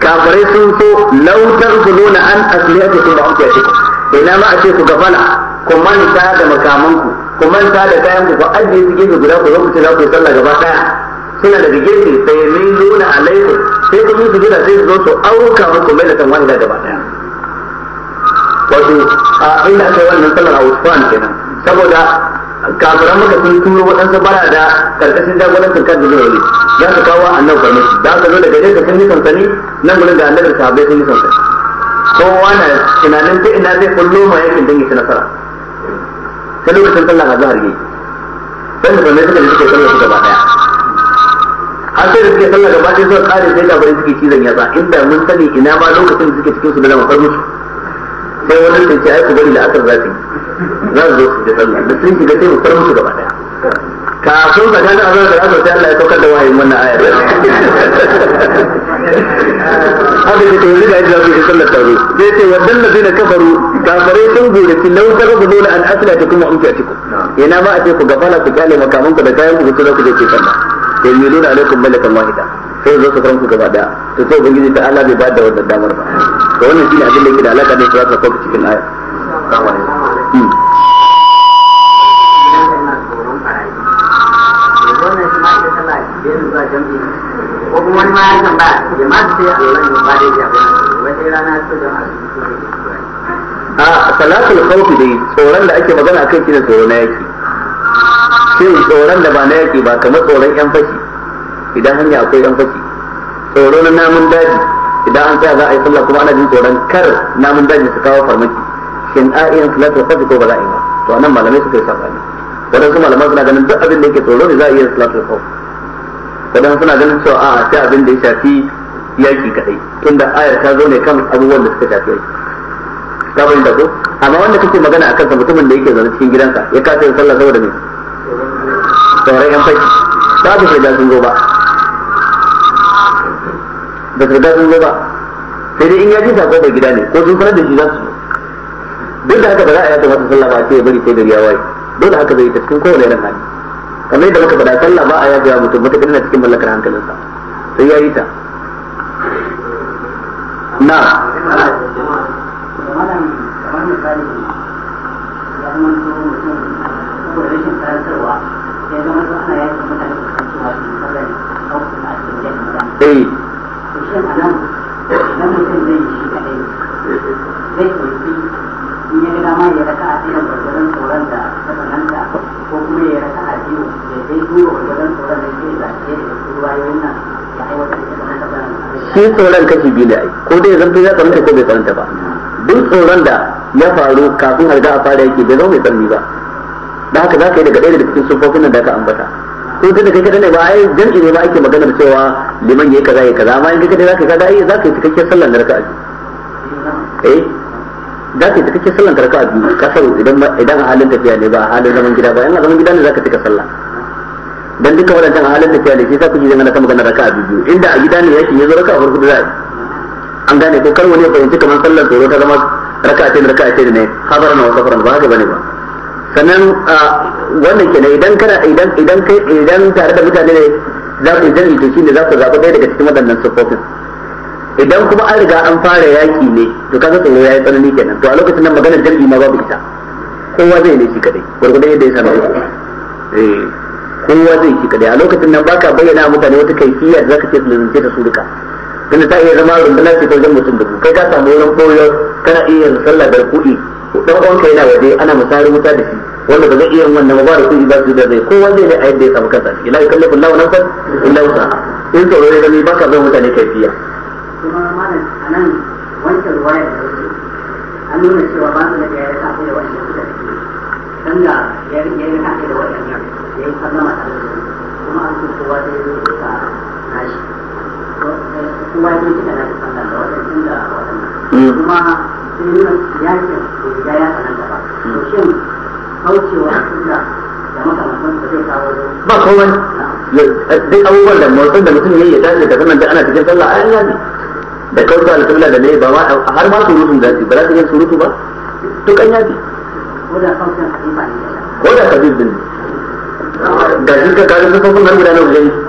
كافرين سنسوا لو تغفلون عن أسلحتكم وأنتم أشكوا إلا ما أشيكوا كفلا كم من شاهد مكامنكم كم من شاهد كايمكم فأجي سجيكم قلاكم لو كنت لو يصلى جباكا suna da gefe sai min nuna alaikum sai kuma su gina sai su وشو إلا auka من mai da kan wanda saboda kafiran maka sun turo waɗansu da karkashin jagorancin kan dubu rauni za su kawo annan farmaki za ka zo daga gaje sun yi sansani nan gudun da annabin sahabbai sun yi sansani kowa na tunanin ta ina zai kullo ma yakin dangi ta nasara sai lokacin sallah a zahar yi sai da farmaki suka ji suka sallah su gaba ɗaya har sai da suke sallar gaba ɗaya zuwa ƙarin sai da bari suke cizon yatsa inda mun sani ina ma lokacin da suke cikin su da na musu sai wani da ke aiki bari da akar zafi yi za su zo su ji sallah da sun shiga sai mu far musu gaba daya ka tsakanin azar da azar sai Allah ya saukar da wahayin wannan ayar haka ce tauri da yadda da sallar taro zai ce wadan na zai na kafaru kafarai sun gure ki lau ta rabu nuna an asila ta kuma umfiya ciku yana ma a ce ku gafala ku kyale makamanku da kayan ku ku je ku sallah ya yi nuna alaikum malakan wahida sai zo su ku gaba daya to sai ubangiji ta Allah bai ba da wannan damar ba to wannan shine abin da yake da alaka da su zaka kawf cikin aya a salatul khawfi dai tsoron da ake magana akan shi da tsoro na yake shin tsoron da ba na yaƙi ba kamar tsoron yan fashi idan hanya akwai yan fashi tsoro na namun daji idan an tsaya za a yi sallah kuma ana jin tsoron kar namun daji su kawo farmaki shin a iya salatul fashi ko ba za a yi ba to anan malamai suka yi sabani wadansu malaman suna ganin duk abin da yake tsoro ne za a iya salatul fajr wadansu suna ganin cewa a sai abin da ya shafi yaki kadai tunda ayar ta zo ne kan abubuwan da suka shafi yaki ta bayyana ko amma wanda kake magana a kansa mutumin da yake zaune cikin gidansa ya kasa yin sallah saboda me sauran yan fai babu sai sun zo ba da su da sun zo ba sai dai in ya ji sako bai gida ne ko sun sanar da shi za su duk da haka ba za a yata masa sallah ba ce ya bari sai gari ya waye dole haka zai ta cikin kowane irin hali kamar yadda muka faɗa sallah ba a ya mutum mutum na cikin mallakar hankalinsa sai ya yi ta na kamar ya zama to mutum saboda rashin ya zama to ana mutane su kan cewa su ne su a cikin yakin mutane. Eh. to shi a nan idan mutum zai yi shi kaɗai zai ɗauki in ya ga dama ya raka a gwargwaron tsoron da ta ko kuma ya raka a biyu ya duba gwargwaron tsoron da ke da su ruwayoyin nan ya aiwatar da shi tsoron kashi biyu ne ai ko dai zan fi ko bai ba duk tsoron da ya faru kafin a riga a fara yake bai zama mai tsanni ba da haka za ka yi daga ɗaya daga cikin sufofin nan da ka ambata ko tun da kai kadai ne ba ai jam'i ne ba ake maganar cewa liman yayi kaza yayi kaza amma in kai kadai ka kaga ai ka yi cikakken sallar raka'a eh ka yi cikakken sallar raka'a biyu kasar idan idan a halin tafiya ne ba a halin zaman gida ba in a zaman gida ne ka cika sallah dan duka wadannan a halin tafiya ne sai zaka ji zan ana maganar raka'a biyu inda a gida ne yake yazo raka'a farko da an gane ko kar wani ya fahimci kamar sallar tsoro ta zama rakatin rakatin ne na wa safaran ba haka bane ba sannan wannan ke idan kana idan idan kai idan tare da mutane ne za ku jami'i to shine za ku zaɓi ɗaya daga cikin wadannan sufofin idan kuma an riga an fara yaƙi ne to kaga tsoro yayi tsanani kenan to a lokacin nan maganar jami'i ma babu ita kowa zai ne shi kadai gurgurdan yadda ya sanar eh, kowa zai shi kadai a lokacin nan baka bayyana mutane wata kaifiya da zaka ce su lalace ta su duka tunda ta iya zama rundunar ce ta wajen mutum dubu kai ka samu wurin ɓoyo kana iya yin sallah da kuɗi dan uwanka na waje ana misalin wuta da shi wanda ba zai iya yin wannan ba da kuɗi ba su da zai kowa zai ne a yadda ya samu kansa ciki la yukallifu Allahu nafsan illa wusaha in tsoro ya zama baka zan mutane kaifiya kuma malam anan wancan ruwaya da wuce an nuna cewa ba su da ya rika da wannan da suke dan da ya rika da wannan ya yi sallama da kuma an so kowa zai yi da nashi kuma ya ce ba da ba komai duk abubuwan da motsin da mutum ya yi ya da sannan da ana cikin sallah a yana ne da kauta alƙibla da ne ba ma har ma surutun da ba za su yi surutu ba duk an yaji ko da kautan ne ko da din da duka kaga sun san sun har gudanar da yi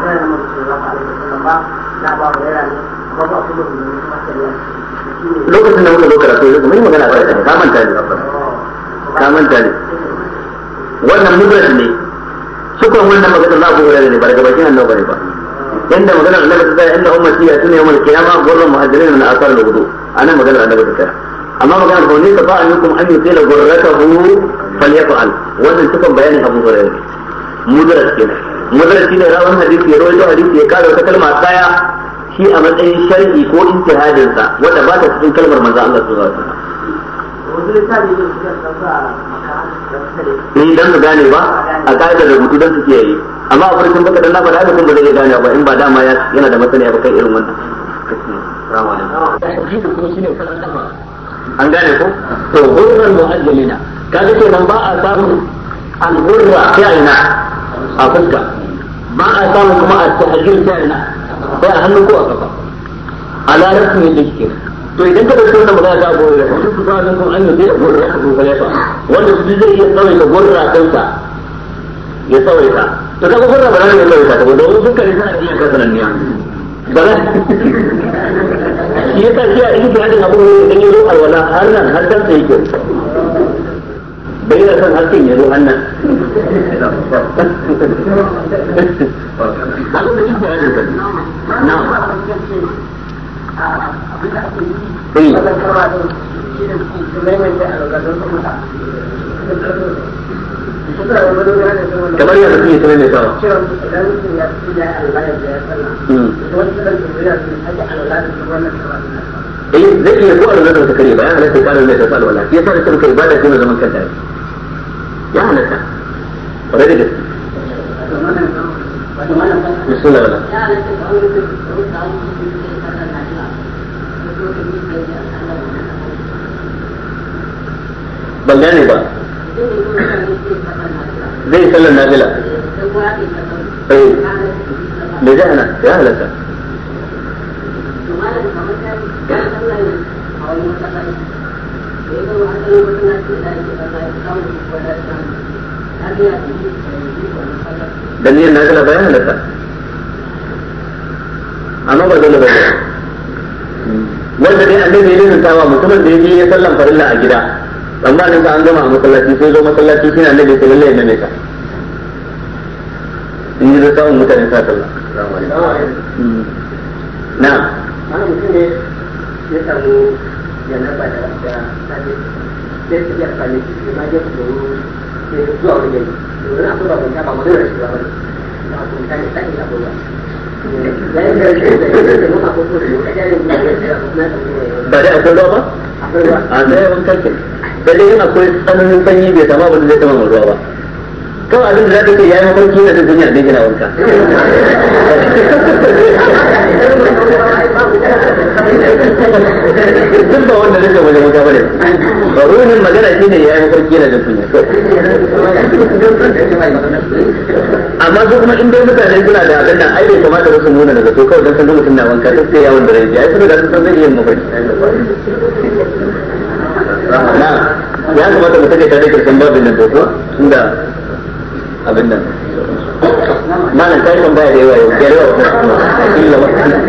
zai zama da shi ba alaihi wasallam ba na ba mu yana ne amma ba da kuma lokacin da muka zo karatu mun yi magana a kai ka manta ne ka manta ne wannan mudrad ne kuma wannan magana na Abu Hurairah ne ba daga bakin annabi bane ba inda magana annabi ta tsaya inna ummati ya tuna yawmal qiyamah gurrun muhajirin min asar al-wudu ana magana annabi ta tsaya amma magana ko ne ka ba annakum an yusila gurratahu falyafal wannan sukan bayanin Abu kenan mudar shi ne rawan hadisi ya rawaito hadisi ya kara wata kalma daya shi a matsayin sharhi ko intihadin sa wanda ba ta cikin kalmar maza Allah sallallahu alaihi wasallam ni dan su gane ba a da rubutu dan su yi amma a farkon baka dan na faɗa mutum ba zai gane ba in ba dama yana da masaniya ba kai irin wannan an gane ko to hurran mu'ajjalina kaga kenan ba a samu al-hurra fi a fuska ba a samun kuma a tahajjud ta ina sai a hannu ko a kafa a larabci ne da to idan ka dauki wannan magana ta gore da kuma kusa da kun an yi da gore da wanda su zai iya tsawai ka gore da kansa ya tsawai ta to kaga gore ba nan ne tsawai ta kuma wani sun kare iya kasa nan ne ba za shi ya sa shi a ya zo alwala har nan har kan sai bai da son ya zo hannun kamar yadda sun yi su mai sawa eh, zai iya ko alwala da ta kare ba ya halatta ka alwala ta alwala yasa da kanka ibada ce mai zaman kanta ya halatta kwarai da gaske ban gane ba zai sallar nafila eh me zai hana ya halatta da niyan na gala bayan halatta amma ba dole da ne wanda dai an ne nan tawa mutumin da ya biyu ya sallan farilla a gida amma nan an gama a masallaci sai zo masallaci sai annabi sai lalle ne ka in yi zai samun mutane sa sallah na'am ana mutum ne ya samu kenan ba da da kuma ba mu da kuma akwai ruwa ba? a zai wankan ke da yin akwai tsananin sanyi bai sama ba zai sama ruwa ba kawai abin da za ka ce ya yi na da duniya da gina wanka duk ba wanda rage wajen wuta bane ba ruhin magana shine ya yi sarki yana jin amma su kuma in dai mutane suna da abin nan ai bai kamata wasu nuna daga so kawai dan san mutum na wanka sai sai yawon da rai ya yi da sun san zai iya mafarki ya kamata mu take tare karshen babin nan ko tunda abin nan malam kai kan baya da yawa yau ya yawa kuma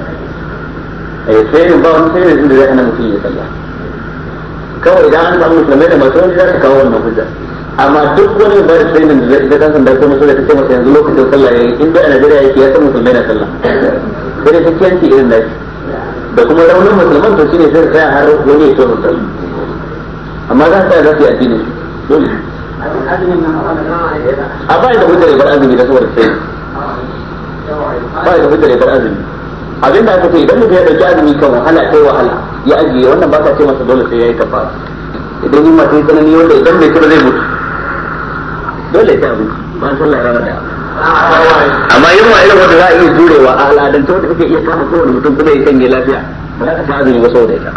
eh sirrin ba da zai mutum ya sallah kawai idan an samu musulmai da masu wani kawo wannan hujja amma duk wani ba da da zai ta ce masa yanzu lokacin sallah a Najeriya yake ya san musulmai na sallah sai irin da kuma raunin musulman to shine sai har wani ya tsoro amma za za su yi addini a da hujjar bar azumi da saboda sai da hujjar bar azumi abin da aka ce idan mutum ya dauki azumi kan wahala sai wahala ya ajiye wannan ba ka ce masa dole sai ya yi kafara idan yin masu tsanani wanda idan bai kira zai mutu dole sai abinci ba sallah rana da amma yin wa irin wanda za a iya jurewa a al'adance wanda kake iya kama kowane mutum kuma ya kange lafiya ba za ka sa azumi ba saboda ita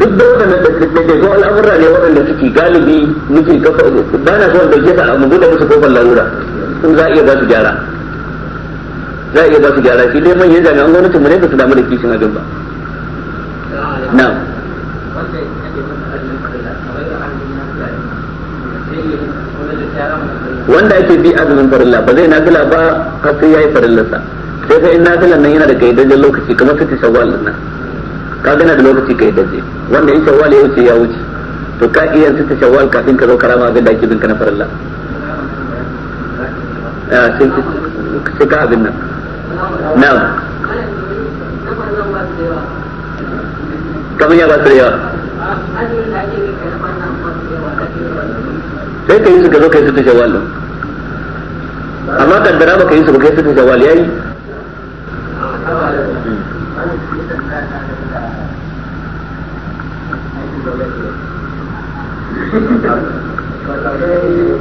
duk da waɗanda da ke zo al'amurra ne waɗanda suke galibi nufin kafa ba na so da ke sa a mu buɗe musu kofar lalura sun za a iya za su gyara za a iya za su gyara shi dai manyan jami'an gwamnatin mu ne ba su damu da kishin abin ba na wanda ake bi azumin farilla ba zai nafila ba har sai yayi farillarsa sai fa in nafilan nan yana da kaidajjen lokaci kamar sai shawwal nan ka gana da lokaci kaidajje wanda in shawwal ya wuce ya wuce to ka iya sai shawwal kafin ka zo karama abin da ake bin ka na farilla sun cika abin nan na'am kamar ya ba su da yawa sai ka yi su ka zo ka yi su ta shawal din amma kaddara ba ka yi su ba ka yi su ta shawal yayi Thank you. ايه لا لا لا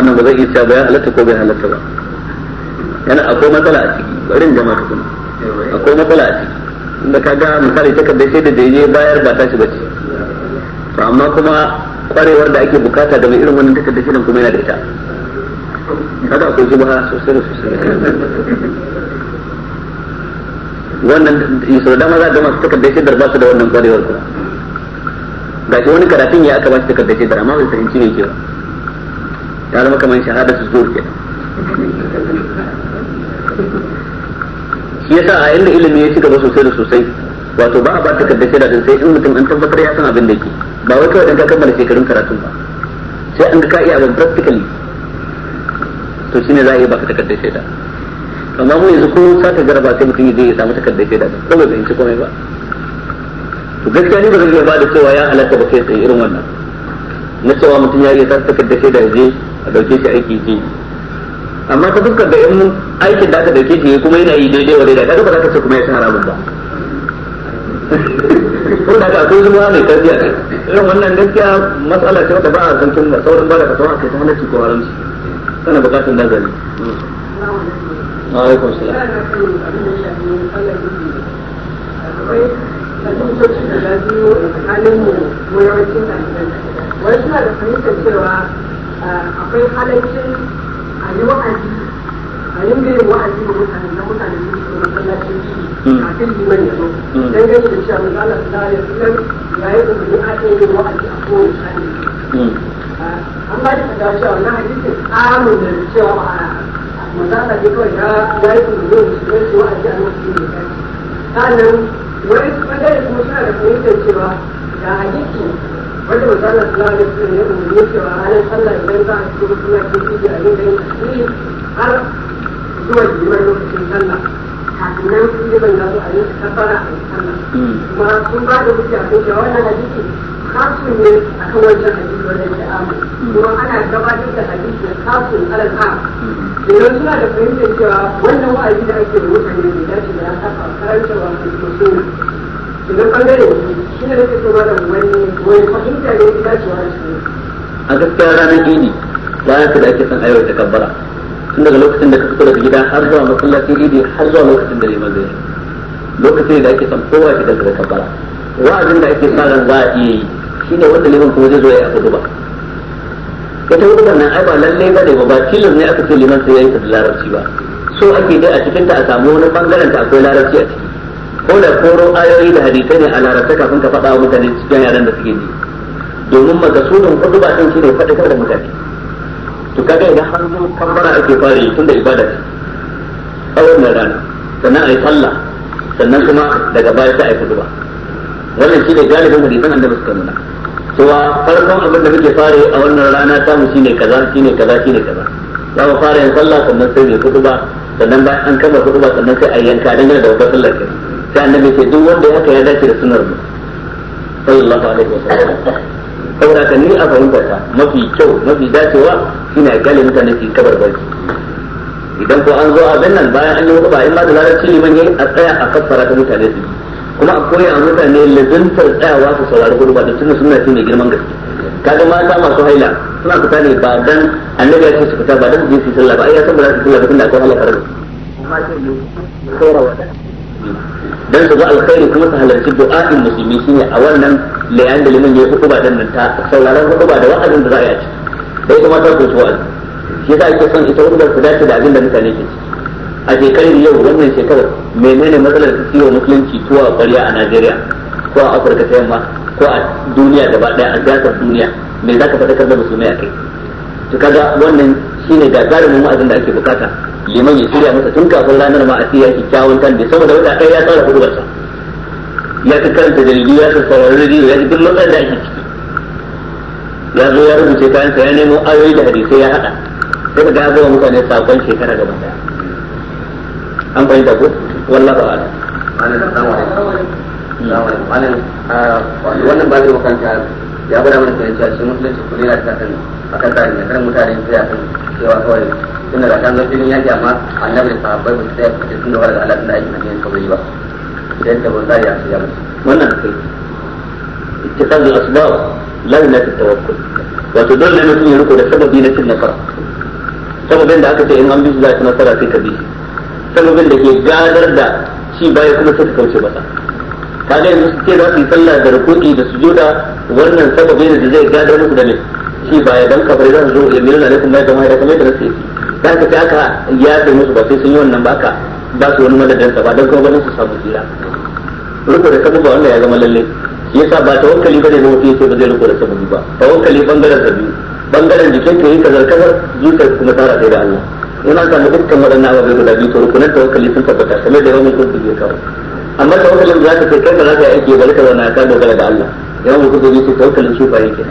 لا لا لا لا لا لا yana akwai matsala a ciki bari in gama kuma akwai matsala a ciki inda ka ga misali takardar sai da daidai bayar ba tashi bace to amma kuma kwarewar da ake bukata da mai irin wannan takardar shirin kuma yana da ita kada akwai zuba sosai da sosai wannan da dama za a gama su takardar shaidar ba su da wannan kwarewar kuma ga shi wani karatun ya aka ba shi takardar shaidar amma bai fahimci ne ke ba ya zama kamar shahada su zuwa kenan shi yasa a inda ilimi ya ci gaba sosai da sosai wato ba a ba ta kaddace da sai in mutum an tabbatar ya san abin da yake ba wai kawai ka kammala shekarun karatu ba sai an ga ka iya abin practically to shi ne za a iya baka takardar shaida amma mu yanzu ko sa ta jaraba sai mutum ya je ya samu takardar shaida din saboda bai ci komai ba to gaskiya ne ba zai iya ba da cewa ya halatta ba kai tsaye irin wannan na cewa mutum ya iya sa takardar shaida ya je a dauke shi aiki je amma ta dukkan da yan aikin da aka dauke shi kuma yana yi daidai wa daidai kaga ba za ka ce kuma ya san haramun ba ko da akwai zuwa mai tarbiya ne irin wannan gaskiya matsala ce wata ba a zancen da sauran ba da fatawa a kai ta halarci ko haramci tana bukatun nazari alaikum salam wasu na da fahimtar cewa akwai halaccin a yi wa'azi a ringa yin wa'azi ga mutane na mutane su su masallacin shi hmm. kafin liman ya zo hmm. dan gani da cewa manzo Allah sallallahu alaihi wasallam ya yi umarni a kan yin wa'azi a kowace hali hmm. ah, an ba da fata cewa wannan hadisin amun da cewa ba a manzo Allah kawai ya yi umarni da su wa'azi a lokacin da kai sannan wani bangare kuma suna da fahimtar cewa da hadisi wanda misali suna da su ne umarni cewa ranar sallah idan za a shigo suna cikin da abin da yin tasiri har zuwa liman lokacin sallah kafin nan su liman ya zo a yi kafara a yi sallah kuma sun ba wuce a kan cewa wannan hadisi kasu ne a kan wancan hadisi wajen da'ama kuma ana gabatar da hadisi na kasu alaka idan suna da fahimtar cewa wannan wa'azi da ake da mutane ne ya saba karantarwa a idan bangare shi ne nake so wani wani fahimta ne ya dacewa da shi a gaskiya ranar idi ranar da ake son aiwata kabbara tun daga lokacin da ka fito daga gida har zuwa masallacin idi har zuwa lokacin da neman zai lokacin da ake son kowa shi da kabbara wa'azin da ake sa ran za a iya yi shine wanda neman kuma zai zo ya abu ba ita hukumar nan ai ba lallai ba ne ba tilas ne aka ce liman sai ya yi ta da larabci ba so ake dai a cikin a samu wani bangaren ta akwai larabci a ciki ko da koro ayoyi da hadisai ne a larabta kafin ka faɗa wa mutane cikin yaran da suke ji domin sunan kudu ba ɗin shine faɗakar da mutane to kaga idan har zo kambara ake fara yi tun da ibada ce a wannan rana sannan a yi sallah sannan kuma daga baya sai a yi kudu ba wannan shi ne galibin hadisan su suka nuna cewa farkon abin da muke fara a wannan rana ta mu shine kaza shine kaza shine kaza za mu fara yin sallah sannan sai mu kudu ba sannan bayan an kama kudu ba sannan sai a yanka dangane da wata sallar kenan sai annabi sai duk wanda ya haka ya dace da sunnar mu sallallahu alaihi wasallam saboda ka ni a fahimtar ta mafi kyau mafi dacewa shine a mutane ke kabar barci idan ko an zo a nan bayan an yi wuka ba in ma da larabci liman yayi a tsaya a kafara ta mutane su kuma a a mutane lazantar tsayawa su saurari gudu ba da tunan suna ce mai girman gaske kaga mata masu haila suna fita ne ba dan annabi ya ce su fita ba dan su je su sallah ba ai ya san ba za su sallah ba tunda akwai halakar da su dan su ga alkhairi kuma su halarci du'a'in musulmi shine a wannan layan da liman yayi hutuba dan nan ta sauraron da wa'azin da za a yi dai kuma ta ku su'al shi yasa ake son ita hutubar su dace da abin da mutane ke ciki a shekarar yau wannan shekarar menene matsalar ciwo musulunci tuwa ƙwarya a Najeriya ko a Afirka ta yamma ko a duniya gaba daya a gasar duniya me zaka ka fadakar da musulmai a kai to kaga wannan shine gagarumin wa'azin da ake bukata liman ya shirya masa tun kafin ranar ma a siya kyawun kan da saboda wata ɗaya ya tsara hudubarsa ya ka karanta dalili ya saurari rediyo ya duk matsalar da ake ciki ya zo ya rubuce kayansa ya nemo ayoyi da hadisai ya haɗa sai ka gaza wa mutane sakon shekara gaba daya an fahimta ko wallah ba ala wannan ba zai makanta ya bada mana cewa shi musulunci kuma yana ta kan akan tsarin da karin mutane su ya kan cewa kawai tunda da kan zafin ya amma annabi da sahabbai ba su tsaya suka ce da wani daga da ake aikin addinin yi ba idan da ban tsari ya su kan musu wannan akai ittikhadul asbab la yunafi tawakkul wato dole ne sun yi riko da sababi na cin nasara sababin da aka ce in an bi su za ta nasara sai ka bi sababin da ke gadar da shi baya kuma sai ka kauce masa kaga yanzu su ce za su yi sallah da rukuki da joda wannan sababi ne da zai gadar muku da ne shi baya don kafare zan zo ya milna alaikum bai kamar da kamar na sai da ka ce aka ya sai musu ba sai sun yi wannan ba ka ba su wani madadin sa ba don kuma ganin su samu tsira rufe da sabu ba wanda ya zama lalle yasa ba tawakkali bane ne wuce sai ba zai rufe da sabu ba tawakkali bangaren sa biyu bangaren jikin ka yi kazar kazar zuciyar kuma tara sai da Allah yana an samu dukkan waɗannan ababai guda biyu to rukunan tawakkali sun tabbata kamar da yawan mutum ya kawo amma tawakkalin za ka kai kanka za ka yi aiki bari ka zauna ka dogara da Allah yawan mutum ya ce tawakkalin sufa yake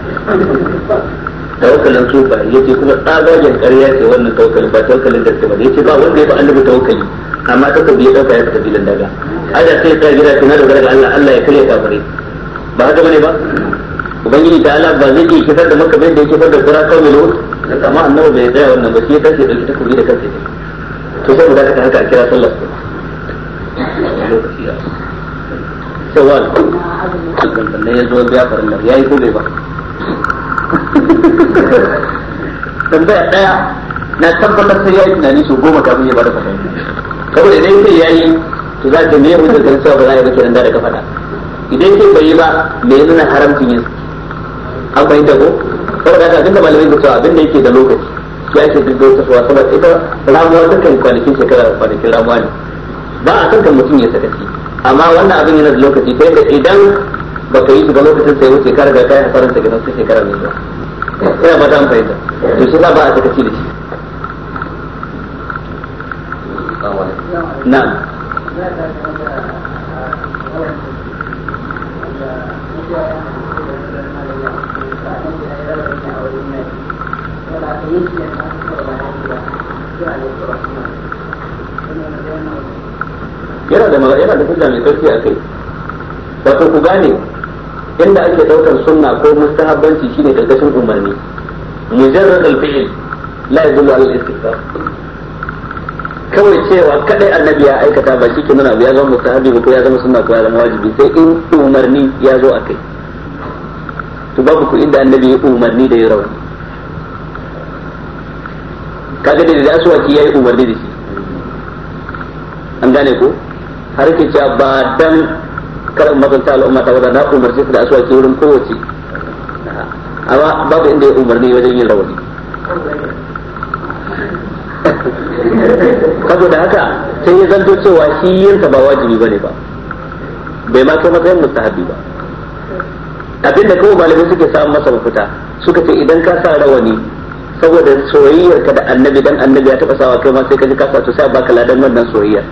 tawakkalin sufa ce kuma tsagagen ƙarya ce wannan tawakkalin ba tawakkalin gaske ba ce ba wanda ya ba annabi tawakkali amma ta ko ya ɗauka ya fi filin daga ada sai ta gida na dogara ga Allah Allah ya kare kafare ba haka bane ba ubangiji ta Allah ba zai ke kisar da maka bai da kisar da kura kawai lo amma annabi bai tsaya wannan ba shi ya tashi dauki takobi da kansa to saboda haka haka a kira sallar sai sannan ya zo biya farin ya yi ko bai ba tambaya daya na tabbatar sai yi tunani su goma kafin ya bada fatawa saboda idan sai yayi to za ka nemi da kan sa ba za ka ga kiran da ka fada idan sai bai yi ba me yana haramcin yin an bai da ko saboda haka abinda malamai da cewa abinda yake da lokaci ya ce duk wata suwa saboda ita ramuwa dukkan kwanakin shekara kwanakin ramuwa ne ba a kankan mutum ya sakaci amma wannan abin yana da lokaci sai da idan baka yi shi ba lokacin sai wuce ka riga yi hasaran ta gidan sai shekara mai zuwa ina ba zan fahimta to shi ba a sakaci da shi na'am yana da yana da hujja mai karfi a kai wato ku gane inda ake daukar sunna ko mustahabbanci shine karkashin umarni mujarrad al-fi'l la yadullu ala al-istighfar kawai cewa kadai annabi ya aikata ba shi ke nuna ya zama mustahabi ko ya zama sunna ko ya zama wajibi sai in umarni ya zo akai to babu ku inda annabi ya umarni da ya rauni kaga da ki yayi umarni da shi an gane ko har ke cewa ba dan kar in mazanta al'umma ta wadda na umarci su da asuwaki wurin kowace amma babu inda ya umarni wajen yin rawani saboda haka sai ya zanto cewa shi yinsa ba wajibi bane ba bai ma kai matsayin mustahabi ba abin da kawai malamai suke samun masa mafita suka ce idan ka sa rawani saboda soyayyarka da annabi dan annabi ya taba sawa kai ma sai ka ji ka sa to sai baka ladan wannan soyayya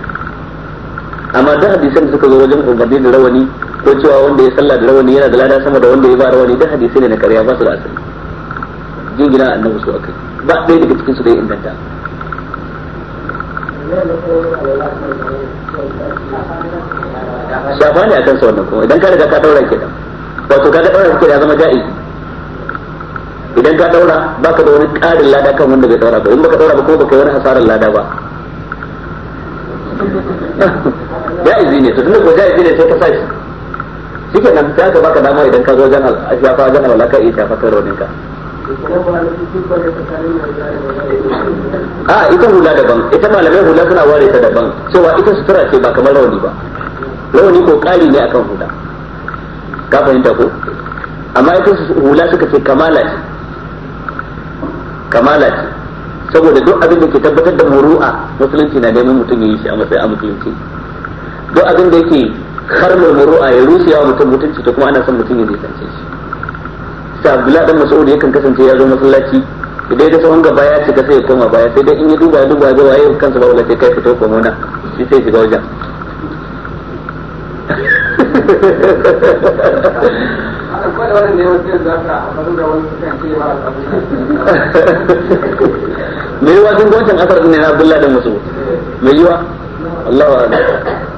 amma da hadisan da suka zo wajen umarni da rawani ko cewa wanda ya sallah da rawani yana da lada sama da wanda ya ba rawani da hadisai ne na karya ba su da asali jingina annabi su akai ba ɗaya daga cikin su da ya inganta shafa ne akan sa wannan kuma idan ka riga ka daura kenan wato ka ga daura ke ya zama ja'i idan ka daura baka da wani ƙarin lada kan wanda bai daura ba in baka daura ba kuma baka yi wani hasarar lada ba jaizi ne to duk ko jaizi ne sai ka sai shike nan sai ka baka dama idan ka zo jan shafa jan wala ka iya shafa kan rodin ka a ah, ita hula daban ita malamai hula suna ware ta daban cewa ita sutura ce ba kamar rauni ba rauni ko kari ne akan hula ka fahimta ko amma ita hula suka ce kamala ce kamala ce saboda duk abin da ke tabbatar da muru'a musulunci na neman mutum ya yi shi a matsayin a musulunci duk abin da yake har murmuru a ya rushe yawa mutum mutunci ta kuma ana son mutum ya nisance shi sa abdullahi dan masu ya kan kasance ya zo masallaci idan ya ga sahun gaba ya cika sai ya koma baya sai dai in ya duba ya duba ya ga yau kansa ba wala sai kai fito ko na shi sai shiga wajen *laughs* mai yiwa sun gwancin asar ne na abdullahi dan mas'ud mai yiwa Allahu akbar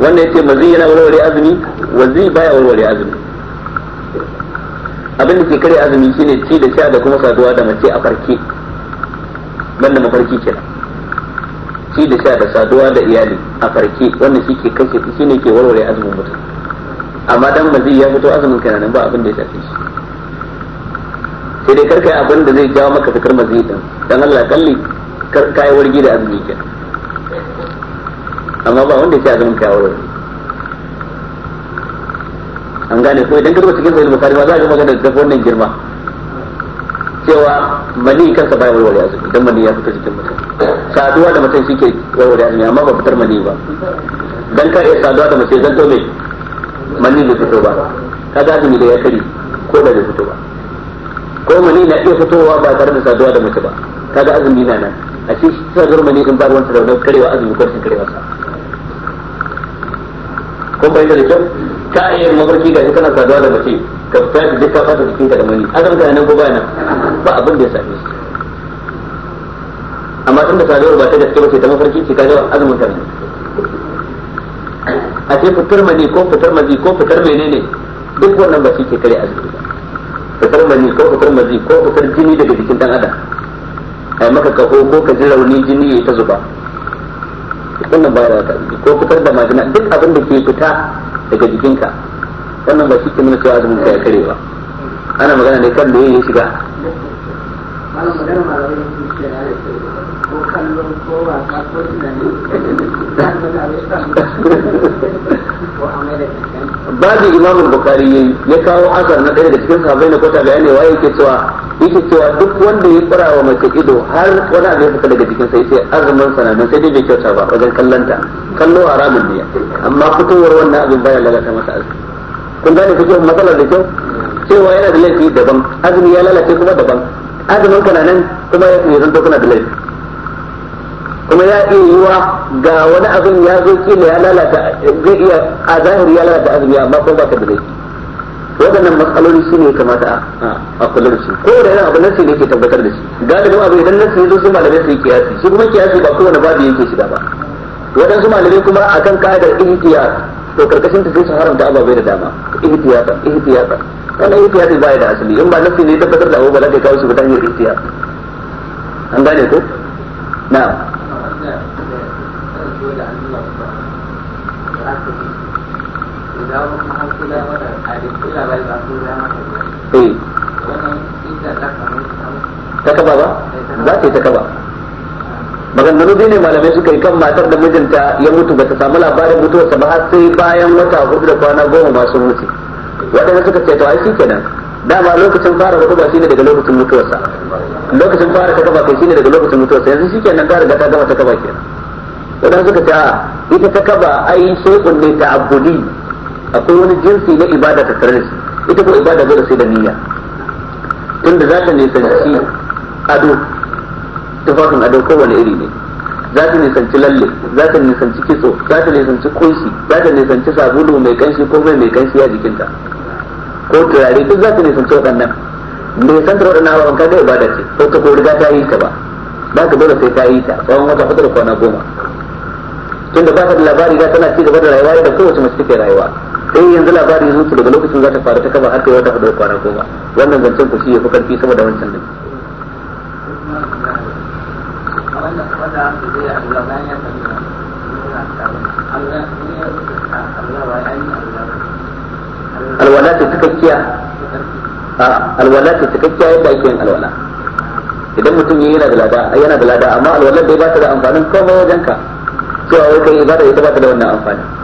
wanda ce mazi yana warware azumi wazi baya warware azumi abin da ke kare azumi shine ci da sha da kuma saduwa da mace a farke banda mafarki kenan ci da sha da saduwa da iyali a farke wanda shi ke kashe shi ne ke warware azumin mutum amma dan mazi ya fito azumin kana nan ba abin da ya shafe shi sai dai karkai abin da zai jawo maka fitar mazi din dan Allah kalli kar kai wargi da azumi kenan amma ba wanda ya zama kai aure an gane ko idan ka duba cikin sahih bukari ma za a yi magana da wannan girma cewa mani kansa bai warware azumi idan mani ya fita cikin mutum saduwa da mutum shike warware azumi amma ba fitar mani ba dan ka iya saduwa da mace zanto mai mani bai fito ba ka ga azumi da ya kari ko da bai fito ba ko mani na iya fitowa ba tare da saduwa da mace ba ka ga azumi na nan a cikin saduwar mani in ba ruwan da karewa azumi ko sun karewa sa kun bai da kyau ka iya mafarki ga kana saduwa da mace ka fita da duka fata jikin ka da mani azan ka nan ko ba nan ba abin da ya same shi amma tunda saduwar ba ta gaske ba ce ta mafarki ce ka ga azumin ka a ce fitar mani ko fitar mazi ko fitar menene duk wannan ba shi ke kare azumi ba fitar mani ko fitar mazi ko fitar jini daga jikin dan adam ai maka kaho ko ka ji rauni jini ya ta zuba wannan ba da ko fitar da majina duk abin da ke fita daga jikinka wannan ba shi ke nuna cewa azumin ka ya karewa ana magana ne kan da ya shiga babu imamul bukari ya kawo asar na ɗaya da cikin sabai na kwata bayani waye ke cewa yake cewa duk wanda ya tsara wa mace ido har wani abu ya fita daga jikin sai sai azumin sananin sai dai bai kyauta ba wajen kallanta kallo haramun ne amma fitowar wannan abin baya lalata masa azumi kun gane kake matsalar da kyau cewa yana da laifi daban azumi ya lalace kuma daban azumin kana nan kuma ya zanto kana da laifi kuma ya iya wa ga wani abin ya zo kila ya lalata zai iya a zahiri ya lalata azumi amma kuma ka da laifi waɗannan matsaloli su ne kamata a kula da su ko da yana abu nasi ne ke tabbatar da shi galibin abu idan nasi ne zo sai malamai su yi kiyasi su kuma kiyasi ba kowane babu yake shiga ba waɗansu malamai kuma a kan ka'adar ihtiyar to karkashin ta sai su haramta ababai da dama ihtiyar ihtiyar wannan ihtiyar ba ya da asali in ba nasi ne tabbatar da abu ba za ka kawo su ba ta hanyar ihitiya an gane ko na'am Eh. ta kaba ba za ta yi ta kaba maganganu dai ne malamai suka yi kan matar da mijinta ya mutu ba ta samu labarin mutuwarsa ba har sai bayan wata hudu da kwana goma masu mutu waɗanda suka ce to ai shi kenan dama lokacin fara hudu ba shi ne daga lokacin mutuwarsa lokacin fara ta kaba kai shi ne daga lokacin mutuwarsa yanzu shi kenan ta riga ta gama ta kaba kenan waɗanda suka ce a ita ta kaba ai shekun ne ta abudi akwai wani jinsi na ibada ta tare shi ita ko ibada dole sai da niyya tunda za ta nisanci ado tufafin ado kowane iri ne za ta nisanci lalle za ta nisanci kitso za ta nisanci kunshi za ta nisanci sabulu mai kanshi ko mai mai kanshi a jikinta ko turare duk za ta nisanci waɗannan nisantar waɗannan abubuwan kaga ibada ce ko ta ko riga ta yi ta ba ba ka dole sai ta yi ta tsawon wata fitar da kwana goma tunda ba ka da labari ga tana ci gaba da rayuwa da kowace mace take rayuwa in eh, yanzu labarin yanzu daga lokacin za ta faru ta kama har kai wata hudu kwana goma wannan zancen ku shi ya fi karfi sama da wancan din alwala ce cikakkiya a alwala ce cikakkiya yadda ake yin alwala idan mutum yana da lada yana da lada amma alwala bai ba ta da amfanin komai wajenka cewa wai kai ibada ita ba ta da wannan amfanin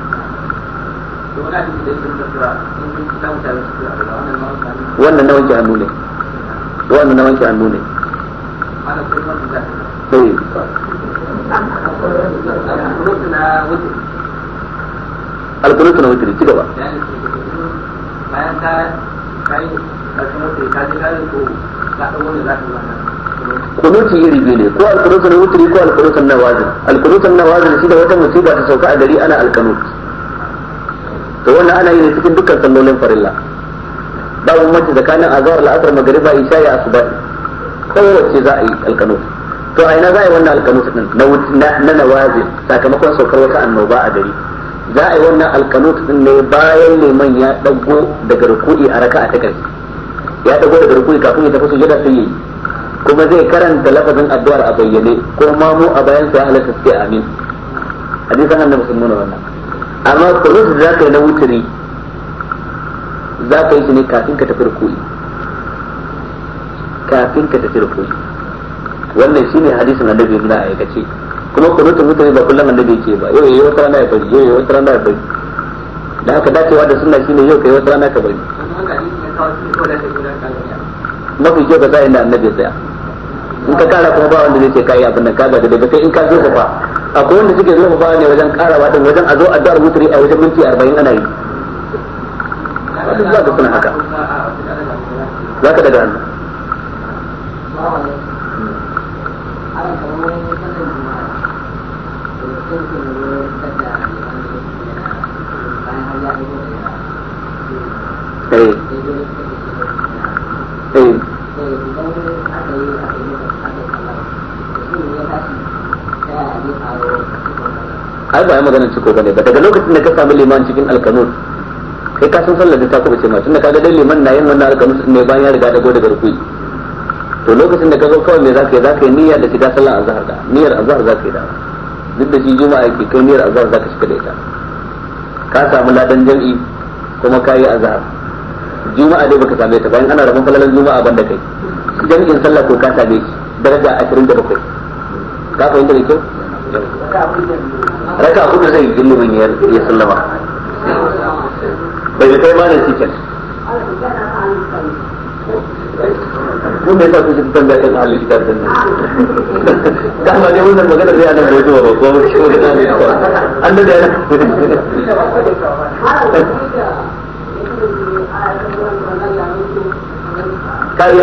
wannan na wanke hannu ne wannan hannu ne eh. alkunutu na wutiri ci gaba yi kunuti iri biyu ne ko alkunutu na ko alkunutu na wazin alkunutu na shi da wata musiba ta sauka a gari ana alkanut to wannan ana yin cikin dukkan sallolin farilla babu mace tsakanin azhar la'asar magriba isha ya asuba kowace za a yi alkano to a ina za a yi wannan alkano din na nawazil sakamakon saukar wata annoba a gari za a yi wannan alkano din ne bayan neman ya dago daga ruku'i a raka'a ta gari ya dago daga ruku'i kafin ya tafi sujada sai yi. kuma zai karanta lafazin addu'ar a bayyane ko mamu a bayan sa ya halatta sai amin hadisan annabi sallallahu alaihi wasallam amma kunut da zaka yi na wuturi zaka yi shi ne kafin ka tafi rukuni kafin ka tafi rukuni wannan shine hadisin annabi ibn kace kuma kunutun wuturi ba kullum annabi yake ba yau yayi wata rana ya bari yau yayi wata rana ya bari da haka dacewa da sunna shine yau kai wata rana ka bari mafi kyau ka sa inda annabi ya tsaya in ka kara kuma ba wanda zai ce kai abin nan ka ga da kai in ka zo ka fa akwai wanda suke zuwa ba ne wajen karawa din wajen a zo addu'ar mutri a wajen minti 40 ana yi wasu za ka suna haka za ka daga hannu Hey. Eh. Eh. Hey. ai ba ya maganar ciko bane ba daga lokacin da ka samu liman cikin alkanun kai ka san sallar da ta kuma ce ma tunda kaga dai liman na yin wannan alkanun ne bayan ya riga dago daga rukui to lokacin da ka zo kawai me zaka yi zaka yi niyyar da shiga sallar azhar da niyyar azhar zaka yi da duk da shi juma'a yake kai niyyar azhar zaka shiga da ita ka samu ladan jami'i kuma ka yi azhar juma'a dai baka same ta bayan ana rabon falalan juma'a da kai jami'in sallar ko ka same shi daraja 27 ka fahimta da kyau raka hudu zai yi ya sallama bai kai ma ne cikin mun sa shi tambaya kan nan wannan magana zai bai zuwa ba ko na an ka ne?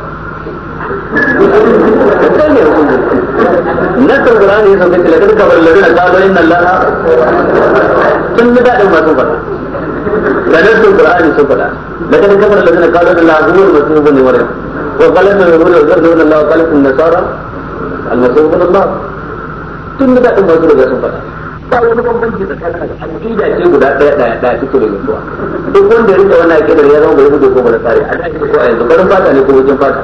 nasar Qur'ani ya sauke tilaka duka bar ladina qalu inna allaha sun ji dadin ba sun faɗa da nasar Qur'ani sun faɗa lakin kamar ladina qalu inna allaha huwa al-masih ibn maryam wa qala inna al-yahuda yuzadduna allaha qala inna nasara al-masih ibn allah tun ji dadin ba sun sun faɗa ba wani bambanci tsakanin al'ida ce guda ɗaya ɗaya ɗaya take da mutuwa duk wanda ya rike wannan akidar ya zama bai hudu ko ba da tsari a da ko a yanzu barin fata ne ko wajen fata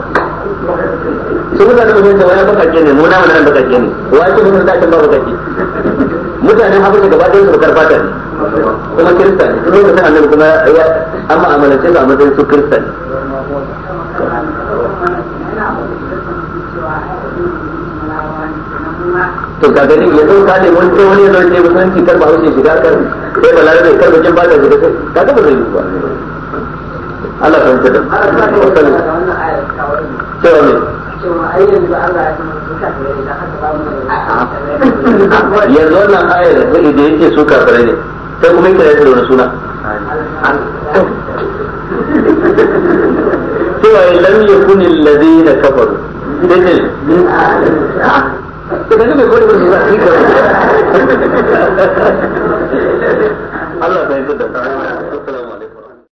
su mutane mun da wani bakake ne mu na bakake ne wace mun da kan ba bakake mutanen Habasha gaba ɗayan su karfa ta kuma kirista ne kuma lokacin annabi kuma ya an ma'amalance su a matsayin su kirista ne to ka gani yanzu ka ne wani sai wani yanzu ne musulunci kar ba hausa shiga kar sai ba larabe kar bakin ba da shiga sai ka ga ba zai yi ba Allah ka mutu da cewa ne *laughs* yanzu wannan ayar da da yake su kafirai ne sai kuma yake da wani suna cewa ya lam yakun alladhina kafaru ne ah. *laughs* Allah yi da